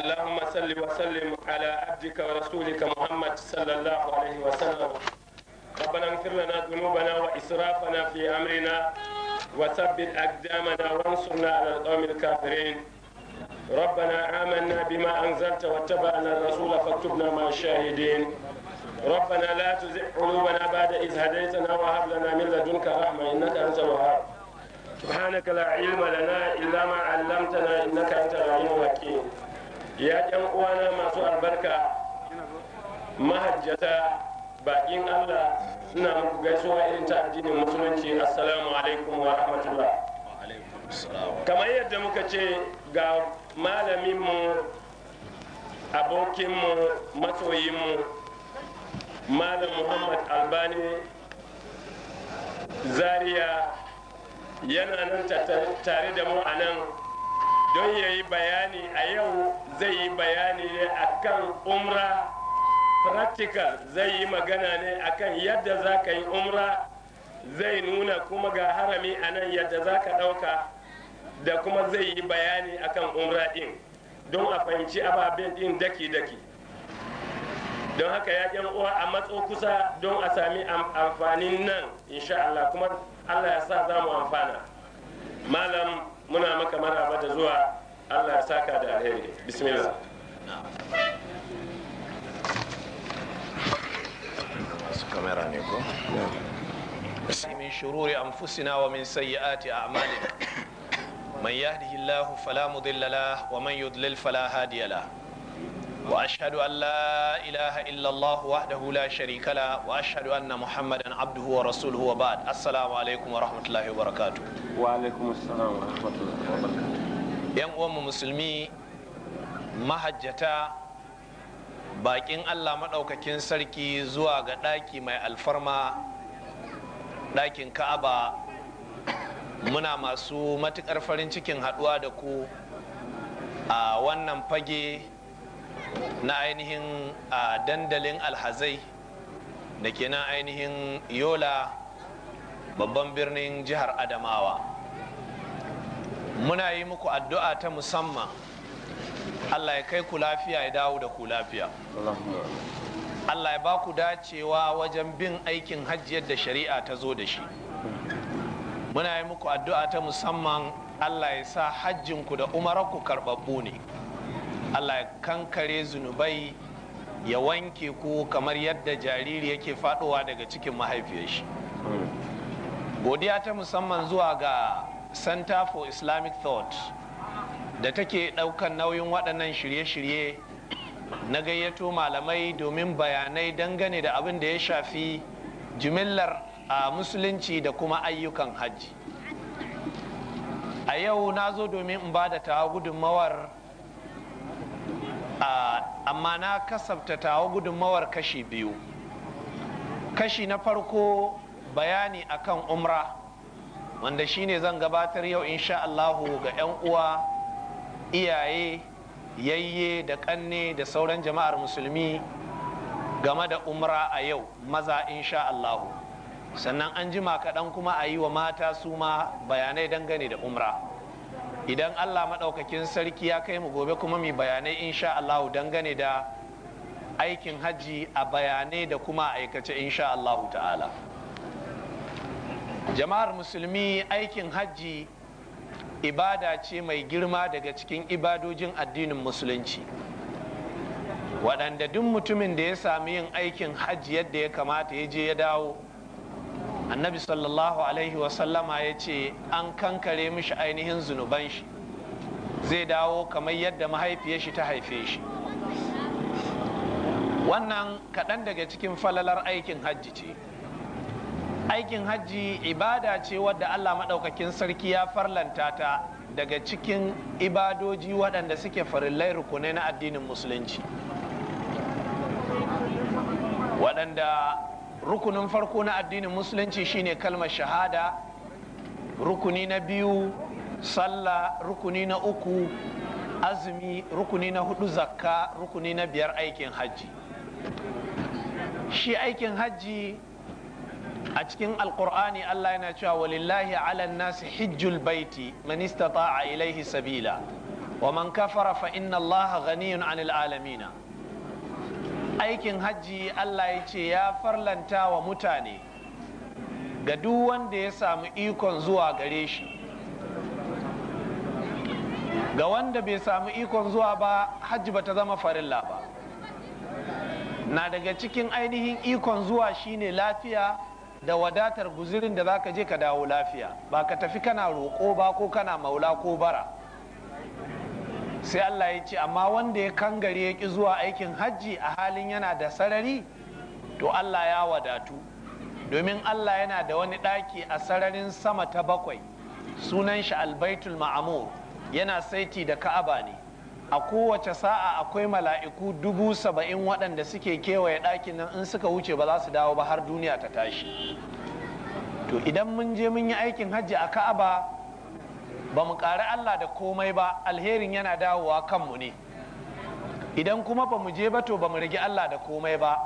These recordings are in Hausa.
اللهم صل وسلم على عبدك ورسولك محمد صلى الله عليه وسلم ربنا اغفر لنا ذنوبنا واسرافنا في امرنا وثبت اقدامنا وانصرنا على القوم الكافرين ربنا آمنا بما أنزلت واتبعنا الرسول فاكتبنا مع الشاهدين ربنا لا تزغ قلوبنا بعد إذ هديتنا وهب لنا من لدنك رحمة إنك أنت الوهاب سبحانك لا علم لنا إلا ما علمتنا إنك أنت العليم الحكيم يا جم وانا ما سوى البركة mahajjata bakin Allah ina muku gaisuwa irin ta addinin musulunci assalamu alaikum wa rahmatullah kamar yadda muka ce ga malaminmu abokinmu masoyinmu malam muhammad albani zaria yana nan tare da mu a nan don ya yi bayani a yau zai yi bayani ne a kan umra practical zai yi magana ne a kan yadda za ka yi umra zai nuna kuma ga harami a nan yadda za ka ɗauka da kuma zai yi bayani a kan umra ɗin don a fahimci ababen ɗin daki-daki don haka ya jan uwa a matso kusa don a sami amfanin nan insha Allah kuma Allah ya sa za mu amfana malam muna maka maraba da zuwa Allah ya saka da alheri bismillah kamera ne ko من شرور أنفسنا ومن سيئات أعمالنا من يهده الله فلا مضل له ومن يضلل فلا هادي له واشهد ان لا اله الا الله وحده لا شريك له واشهد ان محمدا عبده ورسوله وبعد السلام عليكم ورحمه الله وبركاته وعليكم السلام ورحمه الله وبركاته yan uwan musulmi mahajjata baƙin Allah maɗaukakin sarki zuwa ga ɗaki mai alfarma ɗakin ka'aba muna masu matuƙar farin cikin haɗuwa da ku a wannan fage na ainihin a dandalin alhazai da ke na ainihin yola babban birnin jihar adamawa muna yi muku addu'a ta musamman allah ya kai ku lafiya ya dawo da ku lafiya allah ya ba ku dacewa wajen bin aikin hajji yadda shari'a ta zo da shi muna yi muku addu'a ta musamman allah ya sa hajjinku da umaranku karɓaɓɓu ne allah ya kankare zunubai ya wanke ku kamar yadda jariri yake faɗowa daga cikin mahaifiyar godiya ta musamman zuwa ga center for islamic thought da take ɗaukan nauyin waɗannan shirye-shirye na gayyato malamai domin bayanai dangane da abin da ya shafi jimillar a musulunci da kuma ayyukan hajji a yau na zo domin in ba da ta gudunmawar amma na kasafta tawa gudunmawar kashi biyu kashi na farko bayani akan umra wanda shine zan gabatar yau insha Allahu ga 'yan uwa iyaye yayye da kanne da sauran jama'ar musulmi game da umra a yau maza insha Allahu sannan an jima kaɗan kuma a yi wa mata su ma bayanai dangane da umra idan Allah maɗaukakin sarki ya kai mu gobe kuma mai bayanai insha Allahu dangane da aikin hajji a bayanai da kuma aikace insha Allahu ta'ala jama'ar musulmi aikin hajji ibada ce mai girma daga cikin ibadojin addinin musulunci waɗanda duk mutumin da ya sami yin aikin hajji yadda ya kamata ya je ya dawo annabi sallallahu alaihi wasallama ya ce an kankare mishi ainihin zunuban shi zai dawo kamar yadda mahaifiyar shi ta haife shi wannan kaɗan daga cikin falalar aikin hajji ce aikin hajji ibada ce wadda allah maɗaukakin sarki ya farlanta ta daga cikin ibadoji waɗanda suke farillai rukunai na addinin musulunci waɗanda rukunin farko na addinin musulunci shine kalmar shahada rukuni na biyu sallah rukuni na uku azumi rukuni na hudu zakka rukuni na biyar aikin hajji shi aikin hajji a cikin alkur'ani allah yana cewa walillahi alan nasi hijjul baiti man istata'a ilaihi sabila wa man kafara fa inna allaha ghaniyun anil alamina aikin hajji Allah ya ce ya farlanta wa mutane ga duk wanda ya samu ikon zuwa gare shi ga wanda bai samu ikon zuwa ba hajji ba ta zama farilla ba na daga cikin ainihin ikon zuwa shine lafiya da wadatar guzirin da za ka je ka dawo lafiya ba ka tafi kana roƙo ba ko kana maula ko bara sai Allah ya ce amma wanda ya kangare ya ki zuwa aikin hajji a halin yana da sarari to Allah ya wadatu domin Allah yana da wani ɗaki a sararin sama ta bakwai sunan shi albaitul ma'amur yana saiti da ka'aba ne a kowace sa'a akwai mala'iku dubu saba'in waɗanda suke kewaye ɗakin nan in suka wuce ba za su dawo ba har duniya ta tashi to idan mun je mun yi aikin hajji a ka'aba ba mu ƙari Allah da komai ba alherin yana dawowa kanmu ne idan kuma ba mu je ba to ba mu rage Allah da komai ba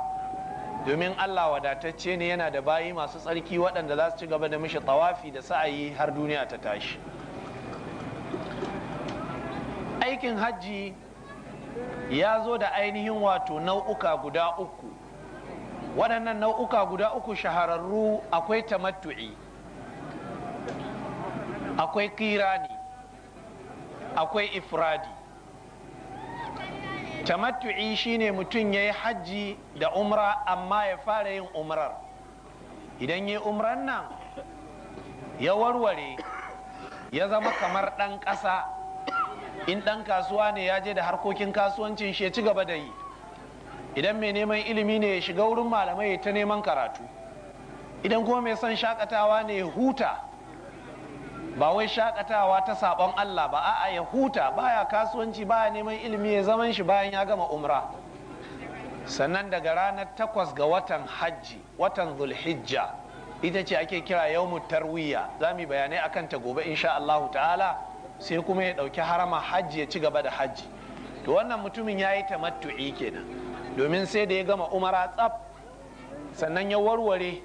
domin Allah wadatacce ne yana da bayi masu tsarki waɗanda za su ci gaba da mishi tawafi da sa'ayi har duniya ta tashi aikin hajji ya zo da ainihin wato nau'uka guda uku waɗannan nau'uka guda uku shahararru akwai tamattu'i akwai kirani akwai ifradi tamattu'i shine mutum ya yi hajji da umra amma ya fara yin umrar idan ya yi umran nan ya warware ya zama kamar ɗan ƙasa in ɗan kasuwa ne ya je da harkokin kasuwancin shi ya ci gaba da yi idan mai neman ilimi ne ya shiga wurin malamai ta neman karatu idan kuma mai son shakatawa ne ya huta ba wai shakatawa ta sabon Allah ba a'a ya huta baya kasuwanci baya neman ilimi ya zaman shi bayan ya gama umra sannan daga ranar takwas ga watan hajji watan zulhijja ita ce ake kira yau tarwiya za mu bayanai akan ta gobe insha Allah ta'ala sai kuma ya dauki harama hajji ya ci gaba da hajji to wannan mutumin ya yi tamattu'i kenan domin sai da ya gama umara tsaf sannan ya warware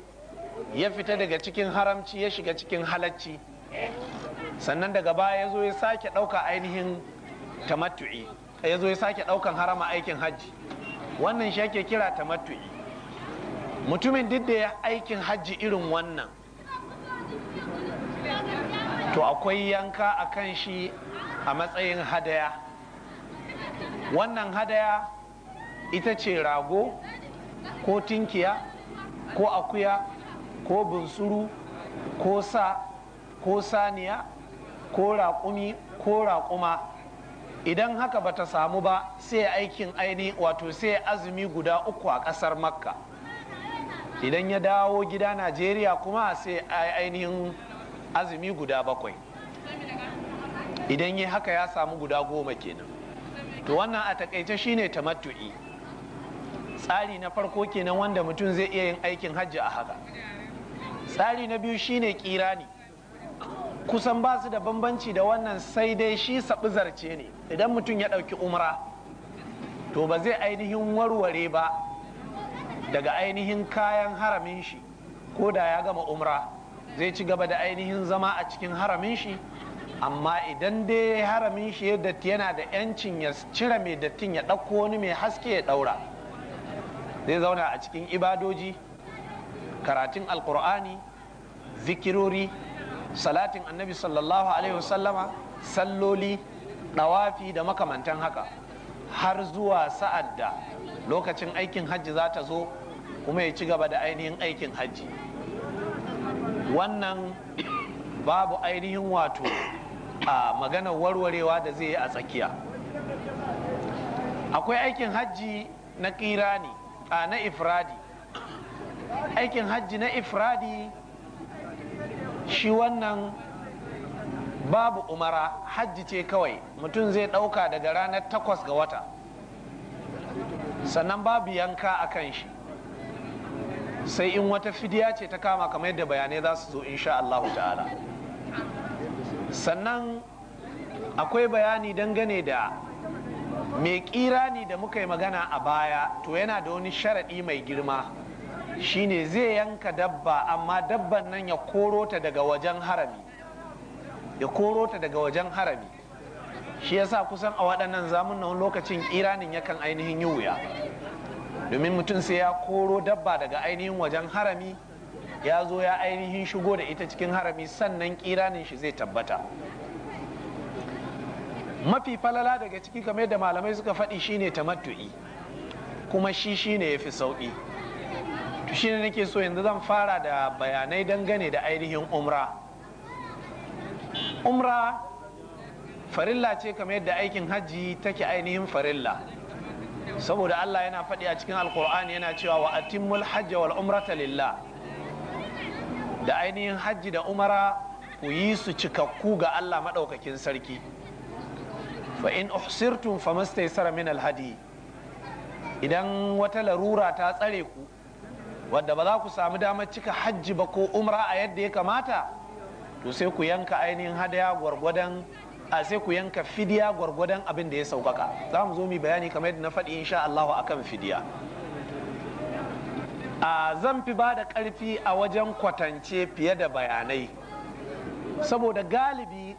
ya fita daga cikin haramci ya shiga cikin halacci sannan daga baya ya zo ya sake ɗauka ainihin tamattu'i ya zo ya sake ɗaukan harama aikin hajji wannan shi ake kira tamattu'i mutumin duk da ya aikin hajji irin wannan to akwai yanka a kan shi a matsayin hadaya wannan hadaya ita ce rago ko tinkiya ko akuya ko bunsuru ko sa ko saniya ko raƙumi ko raƙuma idan haka ba ta samu ba sai aikin aini wato sai azumi guda uku a ƙasar makka idan ya dawo gida najeriya kuma sai ainihin azumi guda bakwai idan ya haka ya samu guda goma kenan to wannan a takaice shine ta tamattu'i tsari na farko kenan wanda mutum zai iya yin aikin hajji a haka tsari na biyu shine kirani kusan ba su da bambanci da wannan sai dai shi saɓi zarce ne idan mutum ya ɗauki umra to ba zai ainihin warware ba daga ainihin kayan haramin shi ko da ya gama umra zai ci gaba da ainihin zama a cikin haramin shi amma idan dai haramin shi ya datti yana da 'yancin ya cire mai dattin ya ɗauko wani mai haske ya ɗaura zai zauna a cikin ibadoji karatun alkur'ani zikirori salatin annabi sallallahu alaihi wasallama salloli dawafi da makamantan haka har zuwa sa'ad da lokacin aikin hajji za ta zo kuma ya ci gaba da ainihin aikin hajji wannan babu ainihin wato a maganar warwarewa da zai yi a tsakiya akwai aikin hajji na kirani a na ifradi aikin hajji na ifradi shi wannan babu umara hajji ce kawai mutum zai ɗauka daga ranar takwas ga wata sannan babu yanka a kan shi sai in wata fidiya ce ta kama kamar yadda bayanai za su zo insha Allahu ta'ala sannan akwai bayani dangane da mai ne da muka yi magana a baya to yana da wani sharaɗi mai girma shine zai yanka dabba amma dabban nan ya koro ta daga wajen harami ya koro ta daga wajen harami shi yasa kusan a waɗannan zamun wani lokacin iranin yakan ainihin yi wuya domin mutum sai ya koro dabba daga ainihin wajen harami ya zo ya ainihin shigo da ita cikin harami sannan kiranin shi zai tabbata mafi falala daga ciki kamar da malamai suka faɗi shine tamattu'i kuma shi shine ya fi sauƙi to ne nake so yanzu zan fara da bayanai dangane da ainihin umra umra farilla ce kamar yadda aikin hajji take ainihin farilla saboda Allah yana faɗi a cikin alkur'ani yana cewa wa atimul hajji wal umrata lillah da ainihin hajji da umara ku yi su cikakku ga Allah maɗaukakin sarki fa in uhsirtum famastaisara min alhadi idan wata larura ta tsare ku wanda ba za ku samu damar cika hajji ba ko umra a yadda ya kamata to sai ku yanka ainihin hadaya gwargwadon a sai ku yanka fidiya gwargwadon abin da ya sauƙaƙa za mu zo mu bayani kamar yadda na faɗi insha Allah akan fidiya a zan fi ba da ƙarfi a wajen kwatance fiye da bayanai saboda galibi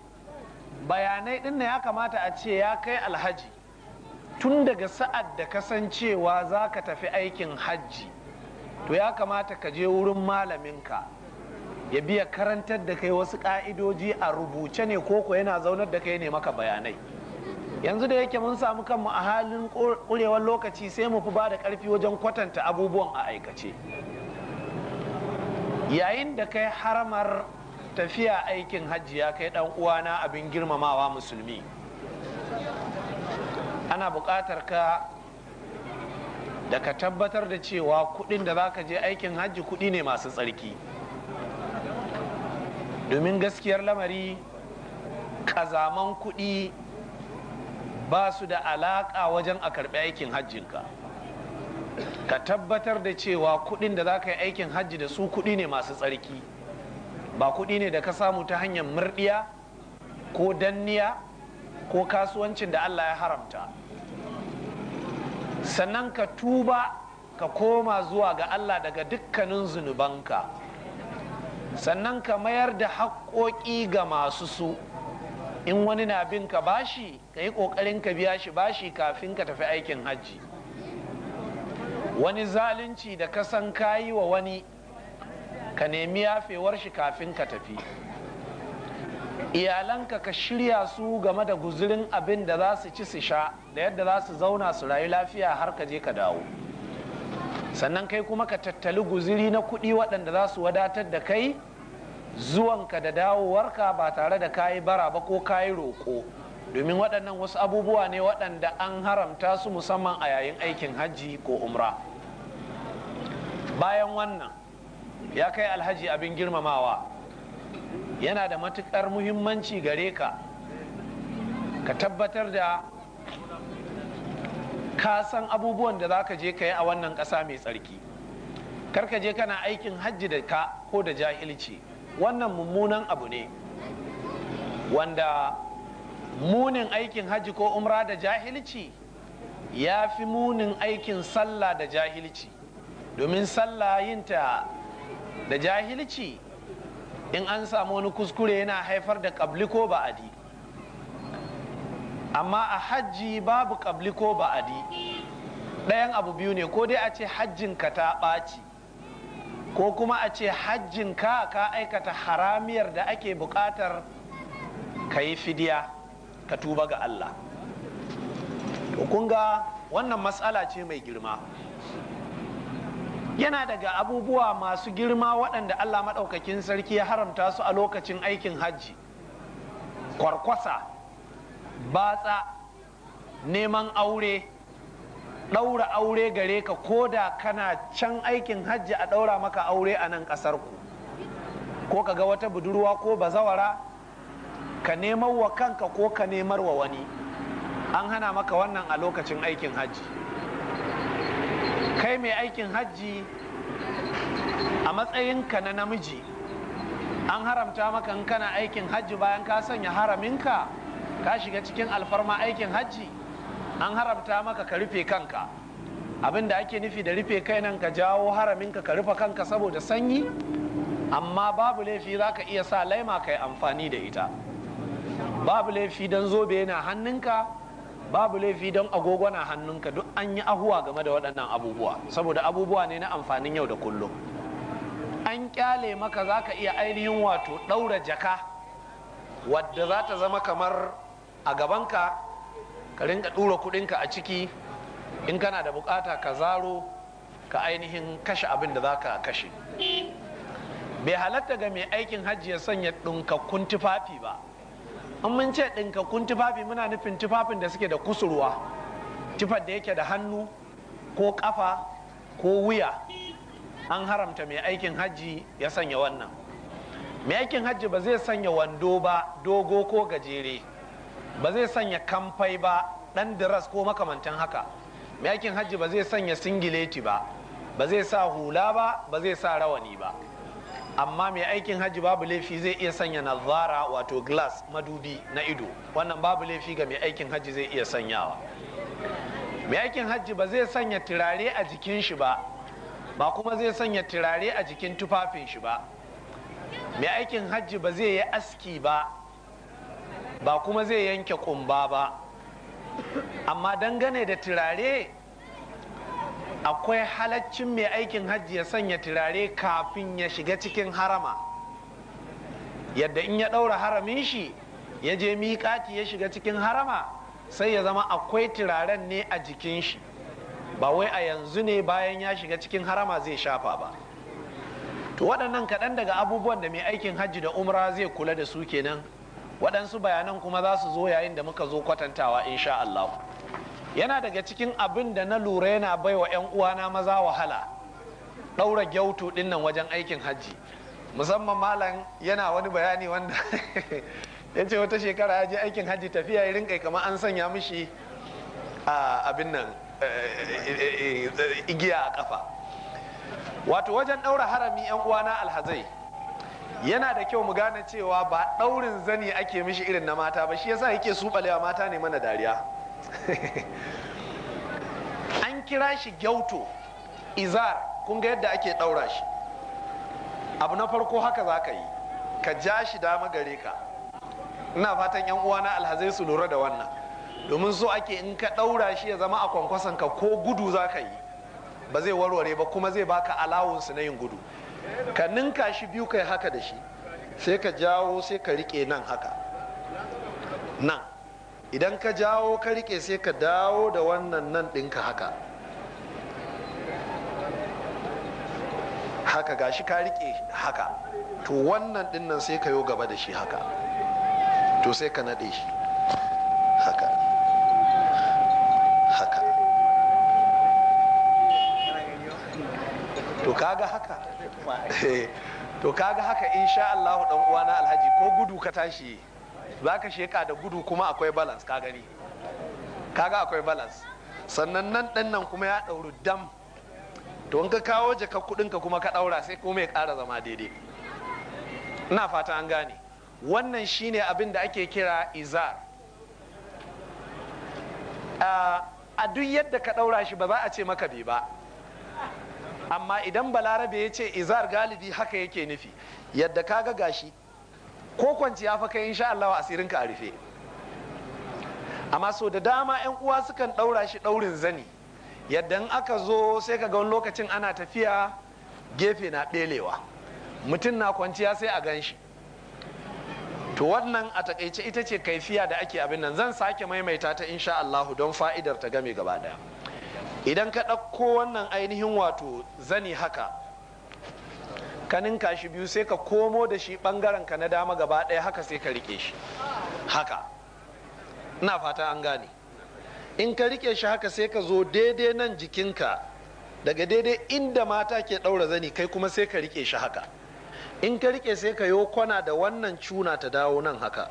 bayanai ɗin ya kamata a ce ya kai alhaji tun daga sa'ad da kasancewa za ka tafi aikin hajji to ya kamata ka je wurin malaminka ya biya karantar da kai wasu ka'idoji a rubuce ne ko ko yana zaunar da kai ne maka bayanai yanzu da yake mun samu kanmu a halin kurewar lokaci sai mu fi ba da ƙarfi wajen kwatanta abubuwan a aikace yayin da kai haramar tafiya aikin hajji ya kai dan uwana abin girmamawa musulmi ana buƙatar ka da ka tabbatar da cewa kudin da za ka je aikin hajji kudi ne masu tsarki domin gaskiyar lamari kazaman kudi ba su da alaƙa wajen a karɓi aikin hajjinka ka tabbatar da cewa kuɗin da za ka yi aikin hajji da su kuɗi ne masu tsarki ba kuɗi ne da ka samu ta hanyar murɗiya ko danniya ko kasuwancin da Allah ya haramta sannan ka tuba ka koma zuwa ga Allah daga dukkanin zunubanka sannan ka mayar da haƙoƙi ga masu su in wani na bin ka bashi ka yi ƙoƙarin ka biya shi bashi kafin ka tafi aikin hajji wani zalunci da ka san kayi wa wani ka nemi yafewar shi kafin ka tafi iyalanka ka shirya su game da guzurin abin da za su ci su sha da yadda za su zauna su rayu lafiya har ka je ka dawo sannan kai kuma ka tattali guziri na kuɗi waɗanda za su wadatar da kai zuwanka da dawowarka ba tare da kayi bara ba ko kayi roko domin waɗannan wasu abubuwa ne waɗanda an haramta su musamman a yayin aikin hajji ko umra bayan wannan ya kai alhaji abin girmamawa yana da matukar muhimmanci gare ka ka tabbatar da ka san abubuwan da za ka je ka yi a wannan ƙasa mai tsarki karka je kana aikin hajji da ka ko da jahilci wannan mummunan abu ne wanda munin aikin hajji ko umra da jahilci ya fi munin aikin sallah da jahilci domin sallah yinta da jahilci in an samu wani kuskure yana haifar da ƙabli ko ba'adi amma a hajji babu ƙabli ko ba'adi ɗayan abu biyu ne ko dai a ce hajjinka ta ɓaci ko kuma a ce hajjinka ka aikata haramiyar da ake buƙatar ka yi fidiya ka tuba ga Allah kun wannan matsala ce mai girma yana daga abubuwa masu girma waɗanda Allah maɗaukakin sarki ya haramta su a lokacin aikin hajji kwarkwasa batsa neman aure ɗaura aure gare ka ko da kana can aikin hajji a ɗaura maka aure a nan ƙasar ku ko ka ga wata budurwa ko bazawara ka nemar wa kanka ko ka nemar wa wani an hana maka wannan a lokacin aikin hajji kai mai aikin hajji a matsayinka na namiji an haramta maka in kana aikin hajji bayan ka sanya haraminka ka shiga cikin alfarma aikin hajji an haramta maka ka rufe kanka abin da ake nufi da rufe kai nan ka jawo haraminka ka rufe kanka saboda sanyi amma babu laifi za ka iya sa laima ka yi amfani da ita babu laifi don zobe yana hannunka babu laifi don agogo na hannunka duk an yi ahuwa game da waɗannan abubuwa saboda abubuwa ne na amfanin yau da kullum an kyale maka za ka iya ainihin wato ɗaura jaka wadda za ta zama kamar a gabanka ka rinka ɗura kuɗinka a ciki in kana da bukata ka zaro ka ainihin kashe abin da za ka kashe bai halatta ga mai aikin hajji ya sanya ɗunkakkun tufafi ba in mun ce ɗinkakkun tufafi muna nufin tufafin da suke da kusurwa tufar da yake da hannu ko ƙafa ko wuya an haramta mai aikin hajji ya sanya wannan mai aikin hajji ba zai sanya wando ba dogo ko gajere ba zai sanya kamfai ba ɗan diras ko makamantan haka mai aikin hajji ba zai sanya singileti ba ba zai sa hula ba ba zai sa rawani ba amma mai aikin hajji babu laifi zai iya sanya nazara wato glass madubi na ido wannan babu laifi ga mai aikin hajji zai iya sanyawa mai aikin hajji ba zai sanya turare a jikin shi ba ba kuma zai sanya turare a jikin tufafin shi ba mai aikin hajji ba zai yi aski ba ba kuma zai yanke kumba ba amma dangane da turare akwai halaccin mai aikin hajji ya sanya turare kafin ya shiga cikin harama yadda in ya ɗaura haramin shi ya je miƙati ya shiga cikin harama sai ya zama akwai turaren ne a jikin shi ba wai a yanzu ne bayan ya shiga cikin harama zai shafa ba to waɗannan kaɗan daga abubuwan da mai aikin hajji da umra zai kula da su kenan waɗansu bayanan kuma za su zo yayin da muka zo kwatantawa insha Allah. yana daga cikin abin da na lura yana bai wa 'yan uwana maza wahala ɗaura gyautu ɗin nan wajen aikin hajji musamman malam yana wani bayani wanda ya ce wata shekara ya je aikin hajji tafiya ya rinka kamar an sanya mishi a abin nan e, e, e, igiya a kafa wato wajen ɗaura harami 'yan uwana alhazai yana da kyau mu gane cewa ba ɗaurin zani ake mishi irin na mata ba shi yasa yake suɓalewa mata ne mana dariya an kira shi gyauto izar kun ga yadda ake ɗaura shi abu na farko haka za ka yi ka ja shi dama gare ka ina fatan yan uwana alhazai su lura da wannan domin so ake in ka ɗaura shi ya zama a kwankwason ka ko gudu za ka yi ba zai warware ba kuma zai baka alawunsu na yin gudu ka ninka shi biyu kai haka da shi sai ka jawo sai ka rike nan haka nan idan ka jawo ka rike sai ka dawo da wannan nan ɗinka haka haka gashi ka rike haka to wannan ɗin nan sai ka yo gaba da shi haka to sai ka naɗe shi haka haka to kaga haka eh. to kaga haka insha Allah dan uwana alhaji ko gudu ka tashi za ka sheka da gudu kuma akwai balance ka gani kaga akwai balance sannan nan ɗan nan kuma ya ɗauri dam to in ka kawo jaka kuɗinka kuma ka ɗaura sai kuma ya ƙara zama daidai ina fata an gane wannan shine abin da ake kira izar a duk yadda ka ɗaura shi ba za a ce maka bai ba amma idan balarabe ya ce izar galibi haka yake nufi yadda kaga gashi ko kwanciya fa kai insha Allah asirin ka a rufe amma so da dama yan uwa sukan daura shi daurin zani yadda in aka zo sai ka ga wani lokacin ana tafiya gefe na belewa mutum na kwanciya sai a gan shi to wannan a takaice ita ce kaifiya da ake abin nan zan sake maimaita ta insha Allah don fa'idar ta game gaba daya idan ka ɗauko wannan ainihin wato zani haka ka ninka shi biyu sai ka komo da shi bangaren ka na dama gaba ɗaya haka sai ka rike shi haka ina fata an gane in ka rike shi haka sai ka zo daidai nan jikinka daga daidai inda mata ke ɗaura zani kai kuma sai ka rike shi haka in ka rike sai ka kwana da wannan cuna ta dawo nan haka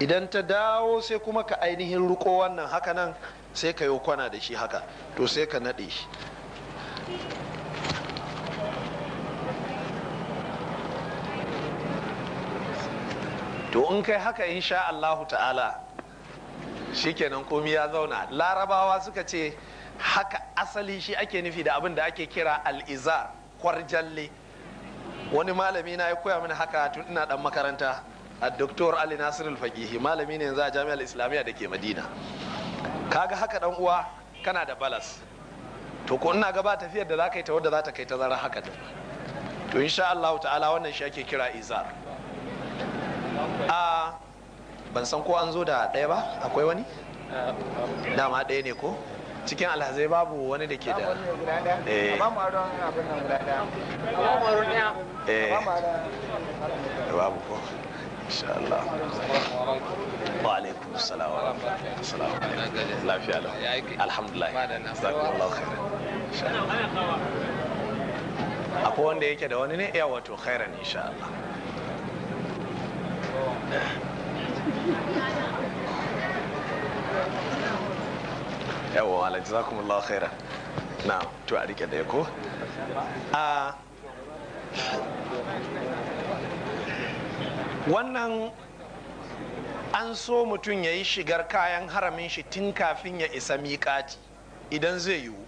idan ta dawo sai kuma ka ainihin ruko wannan haka nan sai ka kwana da shi haka to sai ka naɗe shi to in kai haka insha Allahu ta'ala shikenan komi ya zauna larabawa suka ce haka asali shi ake nufi da abin da ake kira al'izar kwarjalle wani malami na ya koya mini haka tun ina dan makaranta a doktor ali nasir faqihi malami ne yanzu a jami'ar islamiyya da ke madina kaga haka dan uwa kana da balas to ko ina gaba tafiyar da za ka yi ta wadda za ta kai ta zara haka to insha Allah ta'ala wannan shi ake kira izar a ban san ko an zo da ɗaya ba akwai wani dama ɗaya ne ko cikin alhazai babu wani da ke da babu ko insha Allah wa alaikum salam wa rahmatullahi lafiya lau alhamdulillah jazakumullahu khairan akwai wanda yake da wani ne ya wato khairan insha yawo alhaji za kuma khaira na to a rike ɗaya ko a wannan an so mutum ya yi shigar kayan haramin shi tun kafin ya isa miƙati idan zai yiwu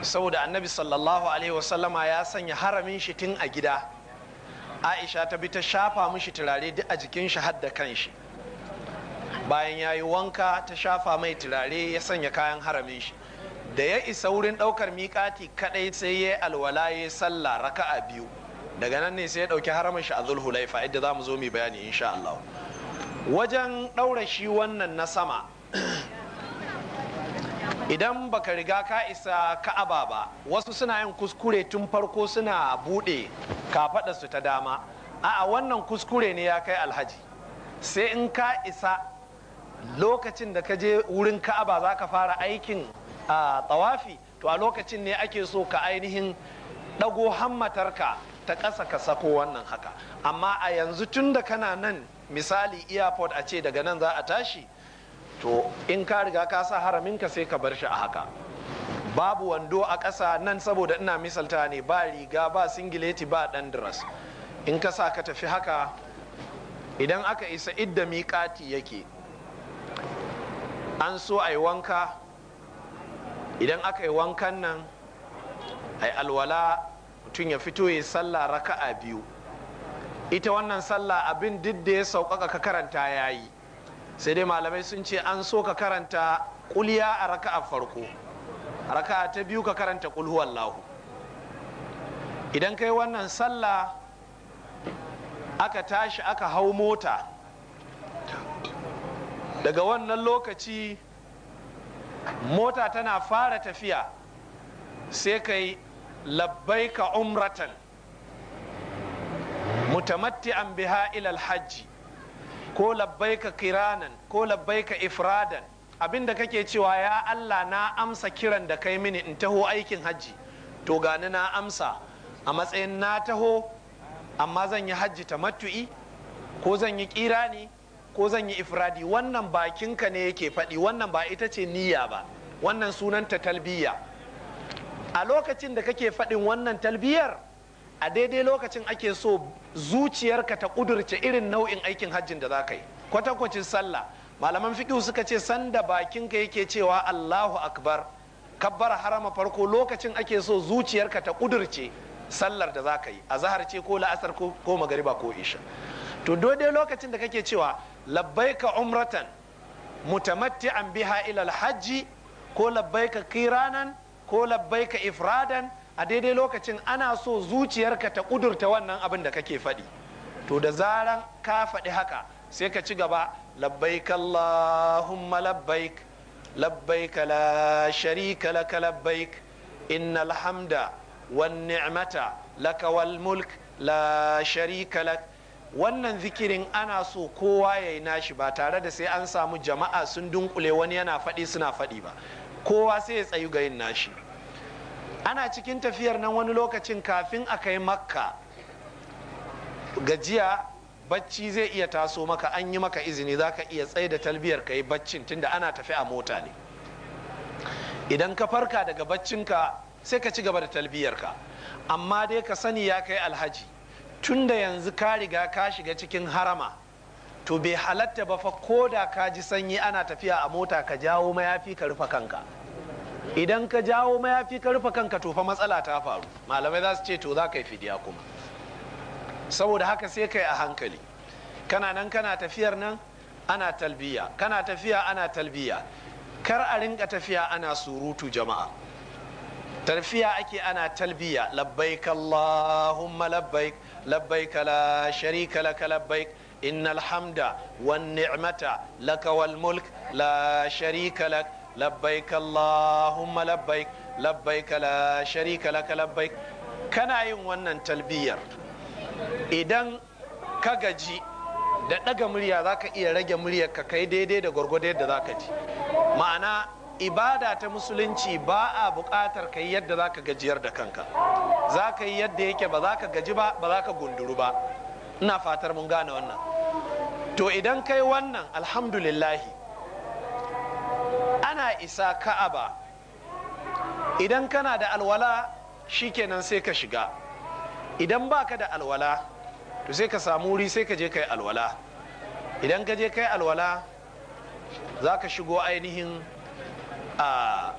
saboda annabi sallallahu alaihi wasallama ya sanya haramin shi tun a gida aisha ta bi ta shafa mishi turare duk a jikin shi har da kan shi bayan ya yi wanka ta shafa mai turare ya sanya kayan haramin shi da ya isa wurin ɗaukar miƙati kaɗai sai ya alwala ya sallah a biyu daga nan ne sai ya ɗauki haramin shi a zulhulaifa inda za mu zo mu bayani insha Allah wajen ɗaura shi wannan na sama idan baka riga ka isa ka'aba ba wasu suna yin kuskure tun farko suna bude buɗe su ta dama a'a wannan kuskure ne ya kai alhaji sai in ka isa lokacin da ka je wurin ka'aba za ka fara aikin a tsawafi to a lokacin ne ake so ka ainihin ɗago hammatarka ta ƙasa ka sako wannan haka amma a yanzu tun da kana nan misali airport a ce daga nan za a tashi to in ka riga ka sa haraminka sai ka bar shi a haka babu wando a ƙasa nan saboda ina misalta ne ba riga ba singileti ba ɗan diras in ka sa ka tafi haka idan aka isa idda miƙati yake an so a yi wanka idan aka yi wankan nan a yi alwala mutum ya fito ya sallah raka'a biyu ita wannan sallah abin duk da ya sauƙaƙa ka karanta ya yi sai dai malamai sun ce an so ka karanta kuliya a raka'a farko raka'a ta biyu ka karanta Allahu idan kai wannan sallah aka tashi aka hau mota daga wannan lokaci mota tana fara tafiya sai kai ka umratan an biha ilal hajji ko labbai ka kiranan ko labbai ka ifradan abinda kake cewa ya Allah na amsa kiran da kai mini in taho aikin hajji to gani na amsa a matsayin na taho amma zan yi hajji ta matu'i ko zan yi kirani ko zan yi ifradi wannan bakinka ne yake faɗi wannan ba ita ce niyya ba wannan sunanta talbiya a lokacin da kake faɗin wannan talbiyar a daidai lokacin ake so zuciyarka ta kudurce irin nau'in aikin hajjin da za ka yi kwatankwacin sallah malaman fiƙihu suka ce sanda bakinka yake cewa allahu akbar kabbar harama farko lokacin ake so zuciyarka ta kudurce sallar da za ka yi a zahar ce ko la'asar ko magariba ko isha to dai lokacin da kake cewa ka umratan an biha ilal hajji ko labbaika kiranan ko ka ifradan a daidai lokacin ana so zuciyarka ta kudurta wannan abin da kake faɗi to da zaran ka faɗi haka sai ka ci gaba labbaik allahumma labbaik labbaik la sharika laka labbaik innal hamda wan ni'mata laka wal mulk la sharika lak wannan zikirin ana so kowa yayi nashi ba tare da sai an samu jama'a sun dunkule wani yana faɗi suna faɗi ba kowa sai ya tsayu ga yin nashi ana cikin tafiyar nan wani lokacin kafin a kai makka gajiya bacci zai iya taso maka an yi maka izini za ka iya tsaye da talbiyar ka yi baccin tunda ana tafi a mota ne idan ka farka daga baccinka sai ka ci gaba da ka amma dai ka sani ya kai alhaji tunda yanzu ka riga ka shiga cikin harama to bai halatta ba fa ko da ka ji sanyi ana tafiya a mota ka jawo mayafi ka rufe kanka idan ka jawo mayafi ka rufe kanka to fa matsala ta faru malamai za su ce to za ka yi fidiya kuma saboda haka sai ka yi a hankali kana nan kana tafiyar nan ana talbiya kana tafiya ana talbiya kar a rinka tafiya ana surutu jama'a Tafiya ake ana talbiya labbaik allahumma labbaik labbaik la sharika laka labbaik innal hamda wan ni'mata laka wal mulk la sharika labbaik Allahumma labbaik labbaik la sharika laka labbaik kana yin wannan talbiyar idan ka gaji da ɗaga murya za ka iya rage muryar ka kai daidai da gwargwado yadda za ka ji ma'ana ibada ta musulunci ba a buƙatar ka yi yadda za ka gajiyar da kanka za ka yi yadda yake ba za ka gaji ba ba za ka gunduru ba ina fatar mun gane wannan to idan kai wannan alhamdulillahi ana isa ka'aba idan kana da alwala shikenan sai ka shiga idan baka da alwala to sai ka samu wuri sai ka je kai alwala idan ka je kai alwala za ka shigo ainihin a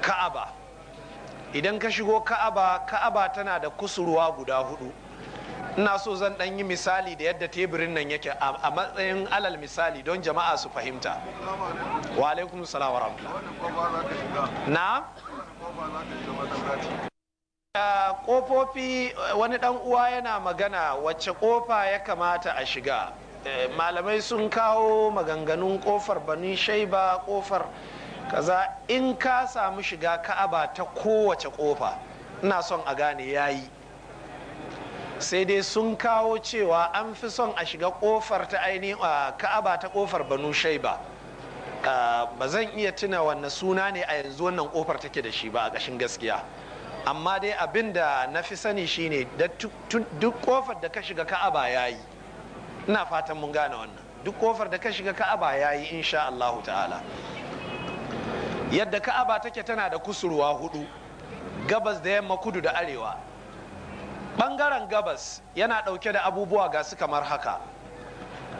ka'aba idan ka shigo ka'aba ka'aba tana da kusurwa guda hudu ina so zan dan yi misali da yadda teburin nan yake a matsayin alal misali don jama'a su fahimta wa alaikum salam wa na kofofi wani dan uwa yana magana wacce kofa ya kamata a shiga eh, malamai sun kawo maganganun kofar bani shaiba kofar kaza in ka samu shiga ka'aba ta kowace kofa ina son a gane yayi sai dai sun kawo cewa an fi son a shiga kofar ta ainihin ka'aba ta kofar banu shaiba ba zan iya tuna wanne suna ne a yanzu wannan kofar take da shi ba a ƙashin gaskiya amma dai abin da na fi sani shi ne duk kofar da ka shiga ka'aba ya yi ina fatan mun gane wannan duk kofar da ka shiga ka'aba ya yi insha Allahu ta'ala yadda ka'aba take tana da kusurwa hudu gabas da yamma kudu da arewa bangaren gabas yana ɗauke da abubuwa ga su kamar haka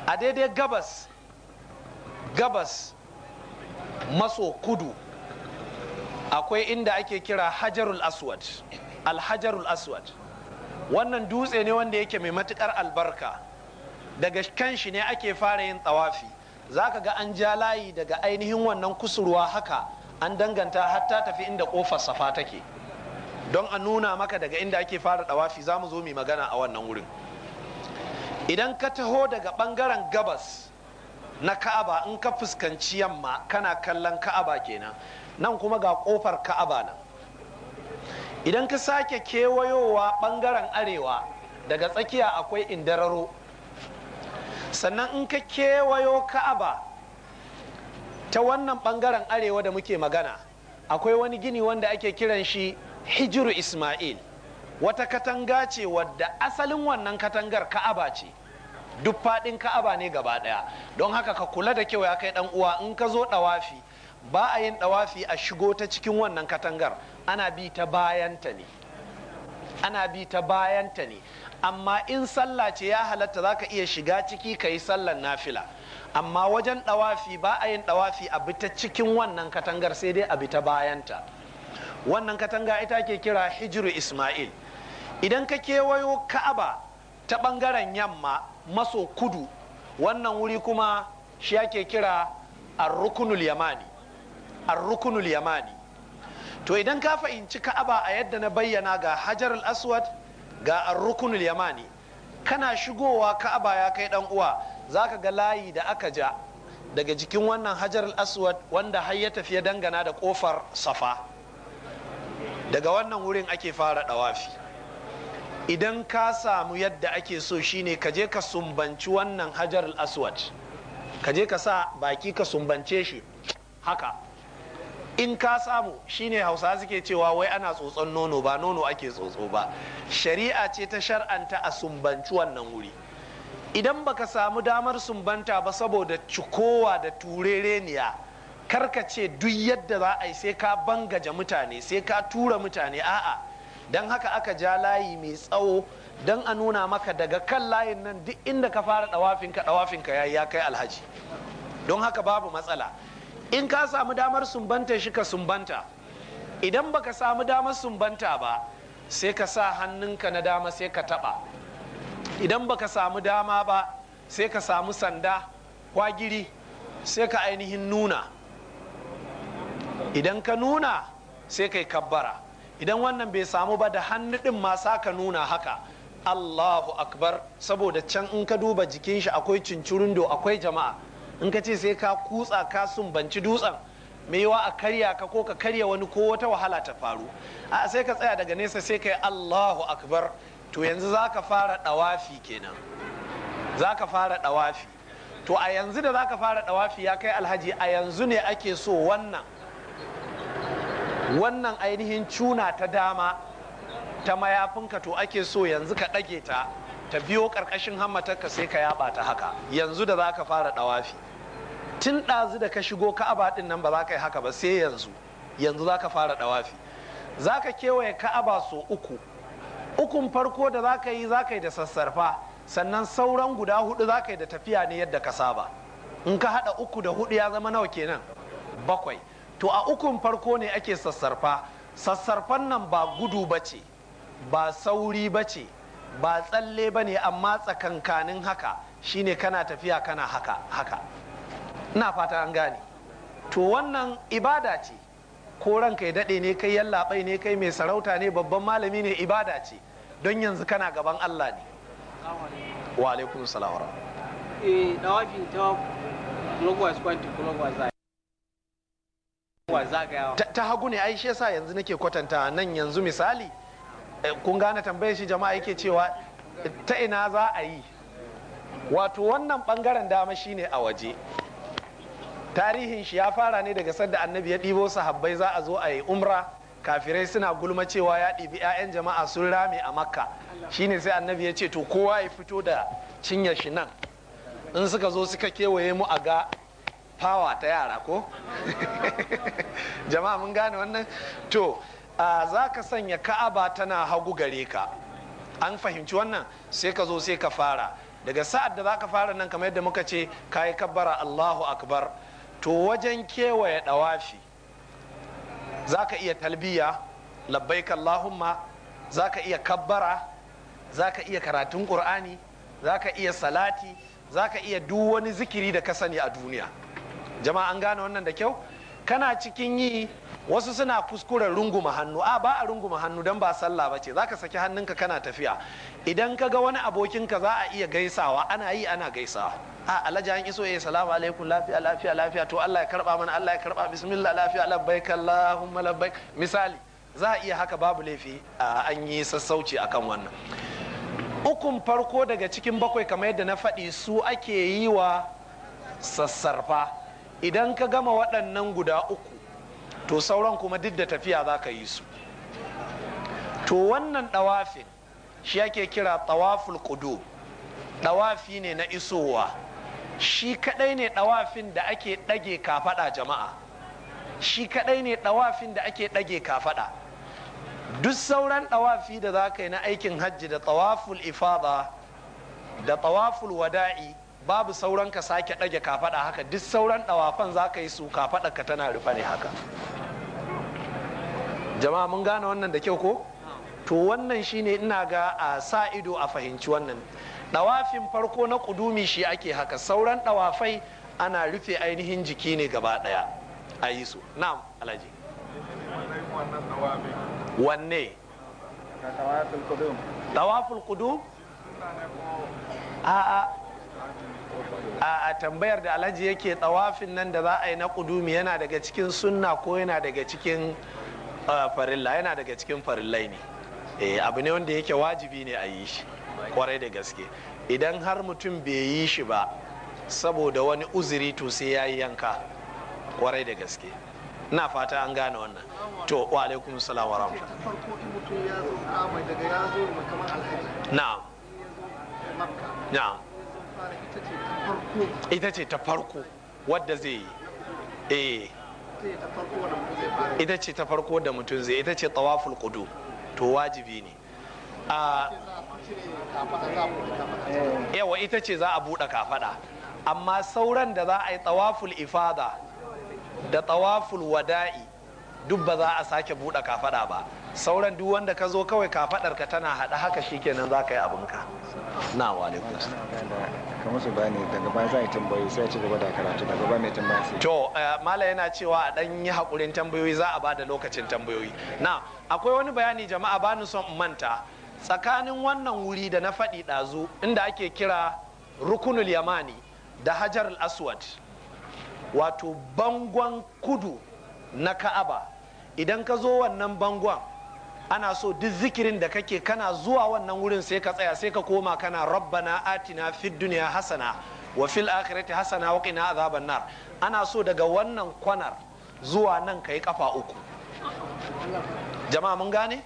a daidai gabas gabas maso kudu akwai inda ake kira hajarul aswad alhajarul aswad wannan dutse ne wanda yake mai matukar albarka daga kan shi ne ake fara yin tsawafi za ka ga an ja layi daga ainihin wannan kusurwa haka an danganta hatta tafi inda kofar safa take don a nuna maka daga inda ake fara dawafi za mu zo mu magana a wannan wurin idan ka taho daga bangaren gabas na ka'aba in ka fuskanci yamma kana kallon ka'aba kenan nan kuma ga kofar ka'aba nan idan ka sake kewayowa bangaren arewa daga tsakiya akwai indararo sannan in ka kewayo ka'aba ta wannan bangaren arewa da muke magana akwai wani gini wanda ake kiran shi hijiru ismail wata katanga ce wadda asalin wannan katangar ka'aba ce duk faɗin ka'aba ne gaba ɗaya don haka ka kula da kyau ya kai ɗan uwa in ka zo ɗawafi ba a yin ɗawafi a shigo ta cikin wannan katangar ana bi ta bayanta ne ana bi ta bayanta ne amma in sallah ce ya halatta za ka iya shiga ciki ka yi sallar nafila amma wajen ɗawafi ba a yin ɗawafi a bi ta cikin wannan katangar sai dai a bi ta bayanta wannan katanga ita ke kira hijiru ismail idan ka kewayo ka'aba ta bangaren yamma maso kudu wannan wuri kuma shi ake kira arrukunul yamani arrukunul yamani to idan ka fahimci ka'aba a yadda na bayyana ga hajar aswad ga arrukunul yamani kana shigowa ka'aba ya kai dan uwa zaka ga layi da aka ja daga jikin wannan hajar aswad wanda har ya tafi ya dangana da kofar safa daga wannan wurin ake fara dawafi idan ka samu yadda ake so shine ka je ka sumbanci wannan hajar aswad ka je ka sa baki ka sumbance shi haka in ka samu shine hausa suke cewa wai ana tsotson nono ba nono ake tsotso ba shari'a ce ta shar'anta a sumbanci wannan wuri idan baka samu damar sumbanta ba saboda cikowa da turereniya karkace duk yadda za a yi sai ka bangaje mutane sai ka tura mutane a'a don haka aka ja layi mai tsawo don a nuna maka daga kan layin nan duk inda ka fara dawafinka dawafinka ya ya kai alhaji don haka babu matsala in ka samu damar sumbanta shi ka sumbanta idan baka samu damar sumbanta ba sai ka sa hannunka na dama sai ka taɓa idan baka samu dama ba sai ka samu sanda kwagiri sai ka ainihin nuna idan ka nuna sai kai kabbara idan wannan bai samu ba da hannu ɗin ma sa ka nuna haka Allahu akbar saboda can in ka duba jikin shi akwai cincirindo akwai jama'a in ka ce sai ka kutsa ka sumbanci dutsen maiwa a karya ka ko ka karya wani ko wata wahala ta faru a sai ka tsaya daga nesa sai ka yi Allahu akbar to yanzu za ka fara ɗawafi kenan za ka fara ɗawafi to a yanzu da za ka fara ɗawafi ya kai alhaji a yanzu ne ake so wannan wannan ainihin cuna ta dama ta mayafinka to ake so yanzu ka ɗage ta ta biyo ƙarƙashin hammatarka sai ka yaba ta haka yanzu da za ka fara ɗawafi tun ɗazu da ka shigo ka'aba ɗin nan ba za ka yi haka ba sai yanzu yanzu za ka fara ɗawafi za ka kewaye ka'aba so uku ukun farko da za ka yi za ka yi da sassarfa sannan sauran guda hudu za ka yi da tafiya ne yadda ka saba in ka haɗa uku da hudu ya zama nawa kenan bakwai to a ukun farko ne ake sassarfa sassarfan nan ba gudu ba ce ba sauri ba ce ba tsalle ba ne amma tsakankanin haka shine kana tafiya kana haka haka ina fata an gane to wannan ibada ce ko ranka ya daɗe ne kai yallaɓai ne kai mai sarauta ne babban malami ne ibada ce don yanzu kana gaban Allah ne wa alaikun salam eh, ta ta hagu ne ai shi yasa yanzu nake kwatanta nan yanzu misali eh, kun gane tambayar shi jama'a yake cewa ta ina za a yi wato wannan bangaren dama shine a waje tarihin shi ya fara ne daga sadda annabi ya ɗibo sahabbai za a zo a yi umra kafirai suna gulma cewa ya ɗibi 'ya'yan jama'a sun rame a makka shine sai annabi ya ce to kowa ya fito da cinyar shi nan in suka zo suka kewaye mu a ga fawa ta yara ko jama'a mun gane wannan to za ka sanya ka'aba tana hagu gare ka an fahimci wannan sai ka zo sai ka fara daga sa'ad da za ka fara nan kamar yadda muka ce ka yi kabbara allahu akbar to wajen kewaye dawafi za ka iya talbiya labbai allahumma za ka iya kabbara za ka iya karatun ƙur'ani za ka iya salati za ka iya duk wani zikiri da ka sani a duniya jama'a an gane wannan da kyau kana cikin yi wasu suna kuskuren runguma hannu a ba a runguma hannu don ba sallah ba ce za ka saki hannunka kana tafiya idan ka ga wani abokinka za a iya gaisawa ana yi ana gaisawa a alhaji an iso ya eh, salamu alaikum lafiya lafiya lafiya to Allah ya karba mana Allah ya karba bismillah lafiya labbaik Allahumma labbaik misali za a iya haka babu laifi an yi sassauci akan wannan ukun farko daga cikin bakwai kamar yadda na faɗi su ake yi wa sassarfa idan ka gama waɗannan guda uku to sauran kuma duk da tafiya za ka yi su to wannan ɗawafin shi ake kira ɗawaful ƙudu ɗawafi ne na isowa shi kaɗai ne ɗawafin da ake ɗage kafaɗa jama'a shi kaɗai ne ɗawafin da ake ɗage kafaɗa duk sauran ɗawafi da za ka yi na aikin hajji da tawaful ifada da tawaful wada'i babu sauran ka sake ɗage kafaɗa haka duk sauran ɗawafan za ka yi su kafaɗa ka tana rufe ne haka jama'a mun gane wannan da kyau ko to wannan shine ina ga a sa ido a fahimci wannan ɗawafin farko na ƙudumi shi ake haka sauran ɗawafai ana rufe ainihin jiki ne gaba ɗaya a yi su na'am alhaji wanne Ɗawafin kudu? a a tambayar da alhaji yake tsawafin nan da za a yi na kudumi yana daga cikin sunna ko yana daga cikin farilla yana daga cikin farillai ne eh, abu ne wanda yake wajibi ne a yi shi kwarai da gaske idan har mutum bai yi shi ba saboda wani uzuri to sai ya yi yanka kwarai da gaske na fata an gane wannan to wa alaikum salam wa rahmatullahi Na, na. ita ce ta farko wadda zai yi eh. ita ce ta farko da mutum zai ita ce tawaful kudu to wajibi ne a yawa ita ce za a buɗe kafada amma sauran da za a yi tawaful ifada da tawaful wada'i duk ba za a sake buɗe kafada ba sauran duk wanda ka zo kawai kafadar ka tana haɗa haka shikenan za ka yi abin ka na wa alaikum su bani daga ba za a yi tambayoyi sai ci gaba da karatu daga ba mai tambayoyi sai to eh, mala yana cewa a dan yi hakurin tambayoyi za a ba da lokacin tambayoyi na akwai wani bayani jama'a ba ni son manta tsakanin wannan wuri da na faɗi ɗazu inda ake kira rukunul yamani da hajar aswad wato bangon kudu na ka'aba idan ka zo wannan bangon ana so duk zikirin da kake kana zuwa wannan wurin sai ka tsaya sai ka koma kana rabbana atina fid duniya hasana wa fil akhirati hasana wa qina azaban nar ana so daga wannan kwanar zuwa nan kai kafa uku jama'a mun gane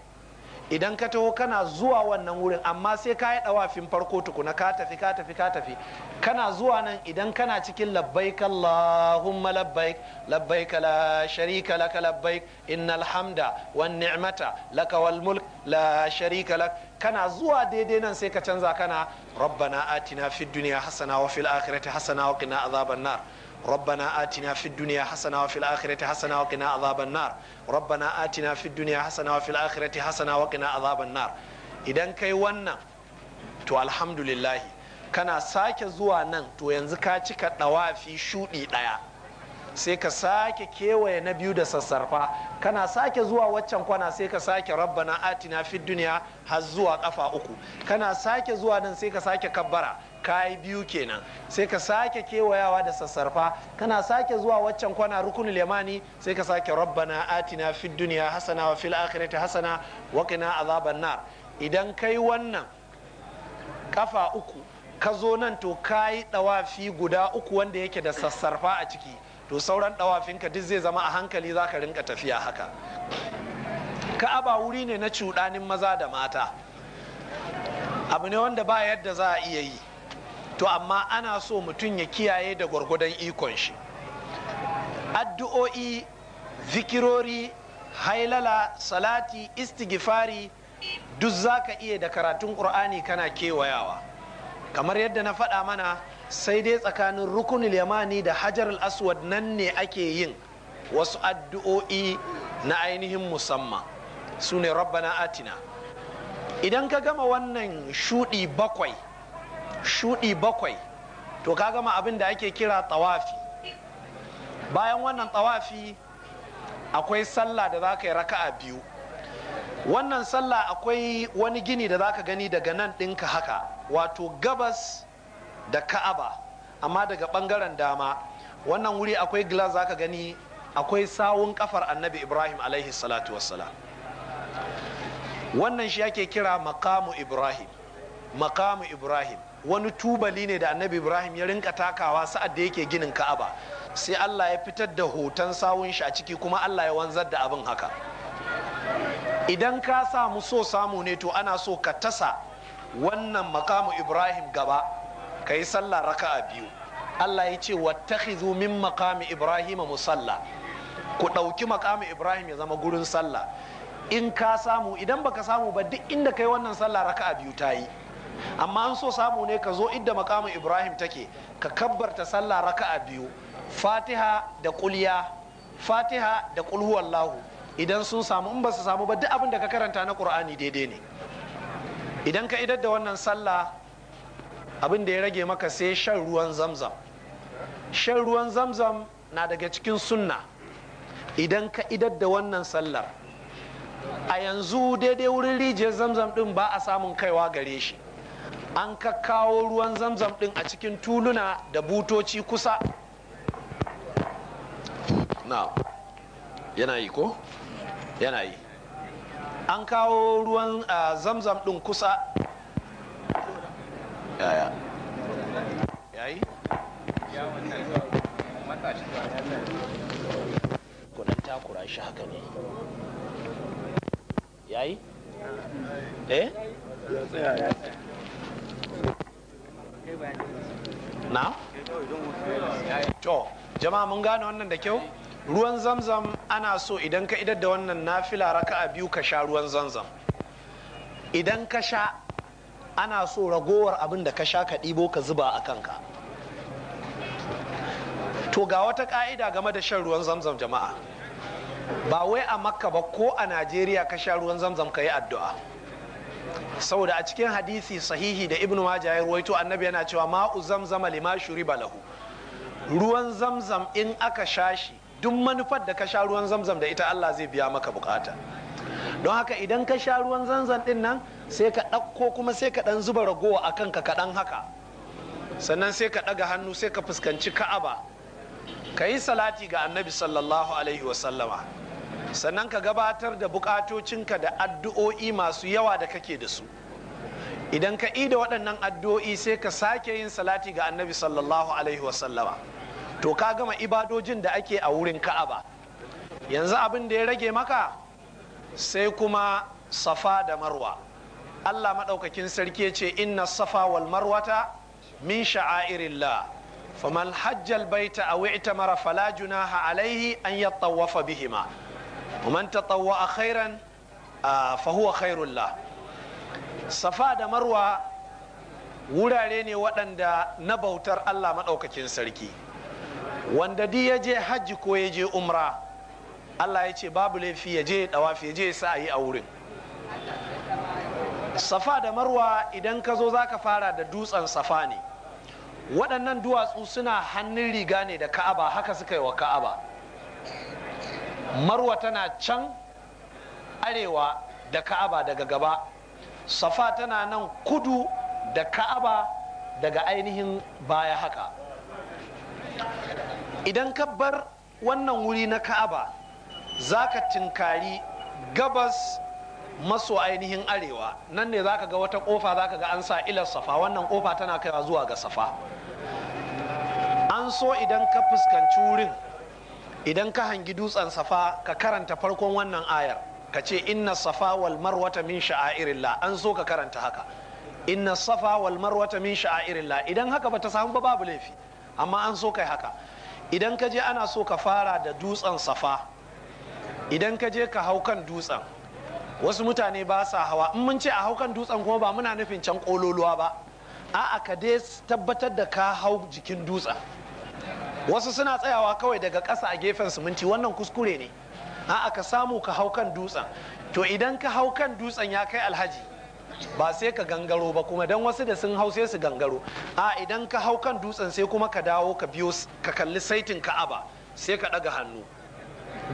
idan ka taho kana zuwa wannan wurin amma sai ka yi ɗawafin farko tukuna ka tafi ka tafi ka tafi kana zuwa nan idan kana cikin labbaik Allahumma labbaik labbaik la sharika laka labbaik innal hamda wan ni'mata laka wal mulk la sharika lak kana zuwa daidai nan sai ka canza kana rabbana atina fid dunya hasana wa fil akhirati hasana wa qina azaban nar ربنا آتنا في الدنيا حسنة وفي الآخرة حسنة وقنا عذاب النار ربنا آتنا في الدنيا حسنة وفي الآخرة حسنة وقنا عذاب النار idan kai wannan to alhamdulillahi kana sake zuwa nan to yanzu ka cika ɗawafi shuɗi ɗaya sai ka sake kewaye na biyu da sassarfa kana sake zuwa waccan kwana sai ka sake rabbana atina fid duniya har zuwa kafa uku kana sake zuwa nan sai ka sake kabbara kayi biyu kenan sai ka sake kewayawa da sassarfa kana sake zuwa waccan kwana rukunin lemani sai ka sake rabbana atina fid duniya hasana wa fil akhirati hasana wa qina azaban nar idan kai wannan kafa uku ka zo nan to kayi dawafi guda uku wanda yake da sassarfa a ciki to sauran dawafinka duk zai zama a hankali za ka rinka tafiya haka ka'aba wuri ne na cuɗanin maza da mata abu ne wanda ba yadda za a iya yi to amma ana so mutum ya kiyaye da gwargwadon ikon shi addu'o'i zikirori hailala salati istighfari duk za ka iya da karatun ƙur'ani kana kewayawa kamar yadda na faɗa mana sai dai tsakanin rukunin yamani da hajar aswad nan ne ake yin wasu addu'o'i na ainihin musamman su ne rabbana atina idan ka gama wannan shuɗi bakwai shuɗi bakwai to ka gama abin da ake kira tawafi bayan wannan tawafi akwai sallah da za ka yi raka'a biyu wannan sallah akwai wani gini da za ka gani daga nan ɗinka haka wato gabas da ka'aba amma daga ɓangaren dama wannan wuri akwai glass za ka gani akwai sawun ƙafar annabi ibrahim alaihi salatu wassalam wannan shi ake kira makamu ibrahim makamu ibrahim wani tubali ne da annabi ibrahim ya rinka takawa sa'ad da yake ginin ka'aba sai allah ya fitar da hoton sawun shi a ciki kuma allah ya wanzar da abin haka idan ka samu so samu ne to ana so ka tasa wannan makamu ibrahim gaba ka yi sallah a biyu allah ya ce watakizomin min makami ibrahim musalla ku ɗauki makamu ibrahim ya zama gurin sallah in ka samu idan baka samu ba duk inda ka yi wannan sallah raka'a biyu ta yi amma an so samu ne ka zo inda makamin ibrahim take ka kabbarta sallah raka'a biyu fatiha da kulya fatiha da Lahu, idan sun samu in ba su samu ba duk abin da ka karanta na qur'ani daidai ne idan ka idar da wannan sallah abin da ya rage maka sai shan ruwan zamzam shan ruwan zamzam na daga cikin sunna idan ka idar da wannan sallar a yanzu daidai wurin rijiyar zamzam din ba a samun kaiwa gare shi an kakkawo ruwan zamzam din a cikin tuluna da butoci kusa na yana yi ko yana yi an kawo ruwan zamzam din kusa yaya yayi kudan takura shi haka ne yayi eh na? to jama'a mun gane wannan da kyau ruwan zamzam ana so idan ka idar da wannan nafila raka'a biyu ka sha ruwan zamzam idan ka sha ana so ragowar abin da ka sha ka ɗibo ka zuba a kanka to ga wata ka'ida game da shan ruwan zamzam jama'a ba wai a makka ba ko a najeriya ka sha ruwan zamzam ka yi addu'a saboda a cikin hadisi sahihi da ibnu majah ya ruwaito annabi yana cewa ma'u zamzama lima shuriba lahu ruwan zamzam in aka sha shi duk manufar da ka sha ruwan zamzam da ita Allah zai biya maka bukata don haka idan ka sha ruwan zamzam din nan sai ka ɗauko kuma sai ka ɗan zuba ragowa a kanka kaɗan haka sannan sai ka ɗaga hannu sai ka fuskanci ka'aba ka yi salati ga annabi sallallahu alaihi wasallama sannan ka gabatar da bukatocinka da addu'o'i masu yawa da kake da su idan ka yi da waɗannan addu'o'i sai ka sake yin salati ga annabi sallallahu alaihi wasallama to ka gama ibadojin da ake a wurin ka'aba yanzu abin da ya rage maka sai kuma safa da marwa allah maɗaukakin sarki ce inna safa wal marwata min sha'airillah faman hajjal baita a wi'tamara fala junaha alaihi an yi tawafa bihima Manta man a khairan a huwa khairul la safa da marwa wurare ne waɗanda na bautar Allah maɗaukakin sarki wanda di ya je hajji ko ya je umra Allah ya ce babu laifi ya je dawafi ya je sa yi a wurin safa da marwa idan ka zo za ka fara da dutsen safa ne waɗannan duwatsu suna hannun riga ne da ka'aba haka suka yi wa ka'aba marwa tana can arewa da ka'aba daga gaba safa tana nan kudu da ka'aba daga ainihin baya haka idan ka bar wannan wuri na ka'aba za ka tinkari gabas maso ainihin arewa nan ne za ka ga wata kofa za ka ga an sa ilar safa wannan kofa tana kaiwa zuwa ga safa an so idan ka fuskanci wurin idan ka hangi dutsen safa ka karanta farkon wannan ayar ka ce inna safa wal marwata min sha'airillah an so ka karanta haka inna safa wal marwata min sha'airillah idan haka bata samu ba babu laifi amma an so kai haka idan ka je ana so ka fara da dutsen safa idan ka je ka hau kan dutsen wasu mutane ba sa hawa in mun ce a hau kan dutsen kuma ba muna nufin can kololuwa ba a'a ka dai tabbatar da ka hau jikin dutsen wasu suna tsayawa kawai daga ƙasa a gefen siminti wannan kuskure ne a aka samu ka hau kan dutsen to idan ka hau kan dutsen ya kai alhaji ba sai ka gangaro ba kuma dan wasu da sun hau sai su gangaro a idan ka hau kan dutsen sai kuma ka dawo ka biyo ka kalli saitin ka'aba sai ka ɗaga hannu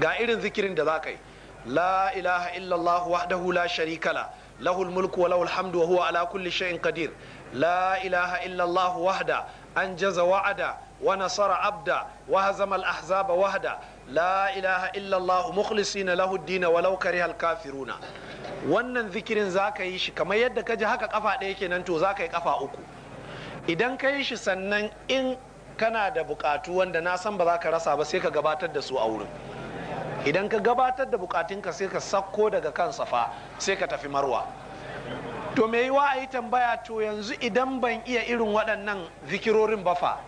ga irin zikirin da za ka yi la ilaha illallah wahdahu la sharikala lahul mulku wa lahul hamdu wa huwa ala kulli shay'in kadir. la ilaha illallah wahda an jaza wa'ada ونصر عبدا وهزم الأحزاب وحدا لا إله إلا الله مخلصين له الدين ولو كره الكافرون wannan zikirin za ka yi shi kamar yadda ka ji haka kafa ɗaya kenan to za ka yi kafa uku idan ka yi shi sannan in kana da bukatu wanda na san ba za ka rasa ba sai ka gabatar da su a wurin idan ka gabatar da bukatunka sai ka sakko daga kan safa sai ka tafi marwa to me wa a yi tambaya to yanzu idan ban iya irin waɗannan zikirorin ba fa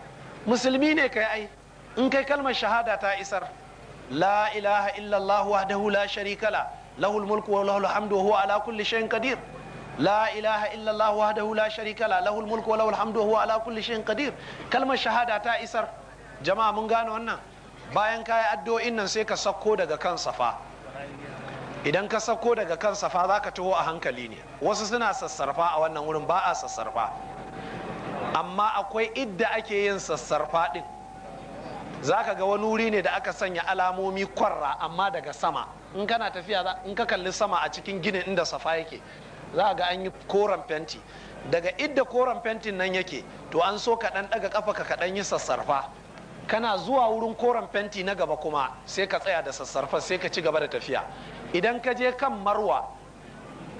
musulmi ne kai ai in kai kalmar shahada ta isar la ilaha illallah wahdahu la sharika la lahul mulku wa lahul hamdu wa huwa ala kulli shay'in qadir la ilaha illallah wahdahu la sharika la lahul mulku wa lahul hamdu wa huwa ala kulli shay'in qadir kalmar shahada ta isar jama'a mun gane wannan bayan kayi addu'o'in nan sai ka sako daga kan safa idan ka sako daga kan safa zaka taho a hankali ne wasu suna sassarfa a wannan wurin ba a sassarfa amma akwai idda ake yin sassarfa ɗin za ka ga wani wuri ne da aka sanya alamomi kwarra amma daga sama in kana tafiya in ka kalli sama a cikin ginin inda safa yake za ga an yi koren fenti daga idda koren fentin nan yake to an so ka ɗan ɗaga ƙafa ka kaɗan yi sassarfa kana zuwa wurin koren fenti na gaba kuma sai ka tsaya da sassarfa sai ka ci gaba da tafiya idan ka je kan marwa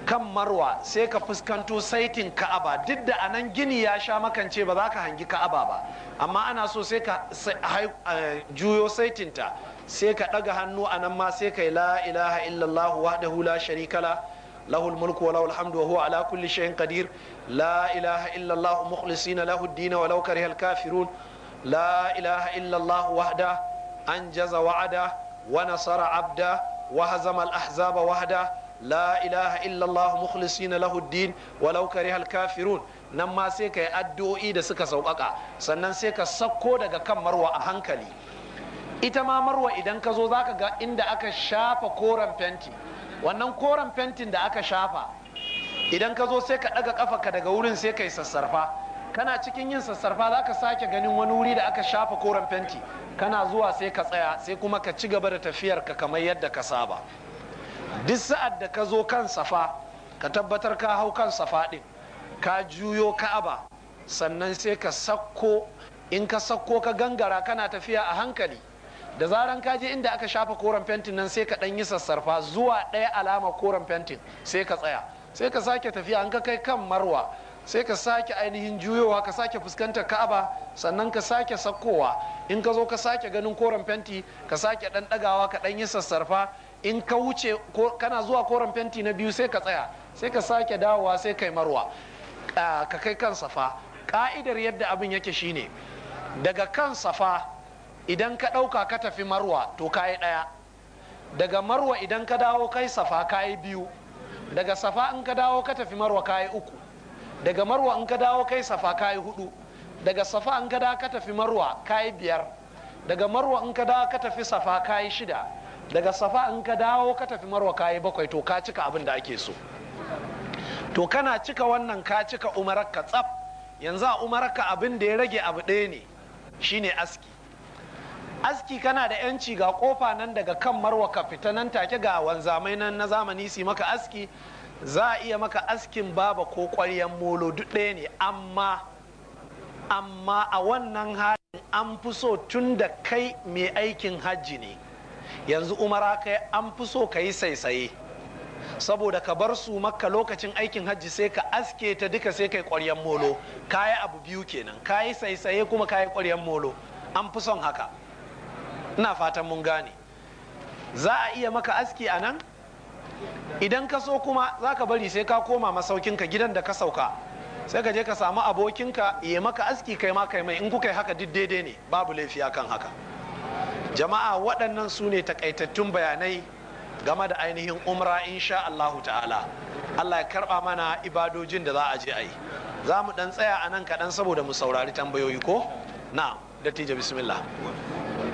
kan marwa sai ka fuskanto saitin ka'aba duk da anan gini ya sha makance ba za ka hangi ka'aba ba amma ana so sai ka eh, juyo saitinta sai ka ɗaga hannu a nan ma sai ka yi la ilaha illallah wahdahu la sharikala lahul mulku wa lahul hamdu wa huwa ala kulli shay'in qadir la ilaha illallah mukhlisina lahu ad-din wa law karihal kafirun la ilaha illallah wahda an jaza wa'ada wa nasara abda wa hazama al-ahzaba wahda la ilaha illallah mukhlisina lahu din walau karihal kafirun nan ma sai ka addu'o'i da suka sauƙaƙa sannan sai ka sako daga kan marwa a hankali ita ma marwa idan ka zo za ka ga inda aka shafa koren fenti wannan koren fentin da aka shafa idan ka zo sai ka ɗaga ƙafa ka daga wurin sai kai yi sassarfa kana cikin yin sassarfa za ka sake ganin wani wuri da aka shafa koren fenti kana zuwa sai ka tsaya sai kuma ka ci gaba da tafiyar ka kamar yadda ka saba duk sa'ad da ka zo kan safa ka tabbatar ka hau kan safa ɗin ka juyo ka'aba sannan sai ka sakko in ka sakko ka gangara kana tafiya a hankali da zaran ka je inda aka shafa koren fentin nan sai ka ɗan yi sassarfa zuwa ɗaya alama koren fentin sai ka tsaya sai ka sake tafiya an ka kai kan marwa sai ka sake ainihin juyowa ka sake fuskantar ka'aba sannan ka sake sakkowa in ka zo ka sake ganin koren fenti ka sake ɗan ɗagawa ka ɗan yi sassarfa in ka wuce kana zuwa koren fenti na biyu sai ka tsaya sai ka sake dawowa sai kai marwa ka kai kan safa ka'idar yadda abin yake shine daga kan safa idan ka ɗauka ka tafi marwa to ka yi ɗaya daga marwa idan ka dawo kai safa ka yi biyu daga safa in ka dawo ka tafi marwa ka yi uku daga marwa in ka dawo kai safa ka yi hudu daga safa in ka dawo ka tafi marwa ka yi biyar daga marwa in ka dawo ka tafi safa ka yi shida daga safa in ka dawo ka tafi marwa kayi bakwai to ka cika abin da ake so to kana cika wannan ka cika umararka tsaf yanzu a umararka abin da ya rage abu ɗaya ne shine aski aski kana da yanci ga kofa nan daga kan marwa ka fita nan take ga wanzamai nan na zamani su maka aski za a iya maka askin baba ko ƙwaryen molo duk ɗaya ne amma amma a wannan halin an fi so tun da kai mai aikin hajji ne yanzu umara yi an fi so ka yi saisaye saboda ka bar su makka lokacin aikin hajji sai ka aske ta duka sai kai ƙwaryen molo yi abu biyu kenan ka kayi saisaye kuma ka yi ƙwaryen molo an fi son haka ina fatan mun gane za a iya maka aski a nan idan ka so kuma za ka bari sai ka koma ka gidan da ka sauka sai ka je ka samu abokinka ya maka aski kai ma kai mai in kuka yi haka duk daidai ne babu laifi kan haka jama'a waɗannan su ne takaitattun bayanai game da ainihin umra insha Allahu ta'ala Allah ya karɓa mana ibadojin da za a je a yi za mu ɗan tsaya a nan kaɗan saboda mu saurari tambayoyi ko na dattijo bismillah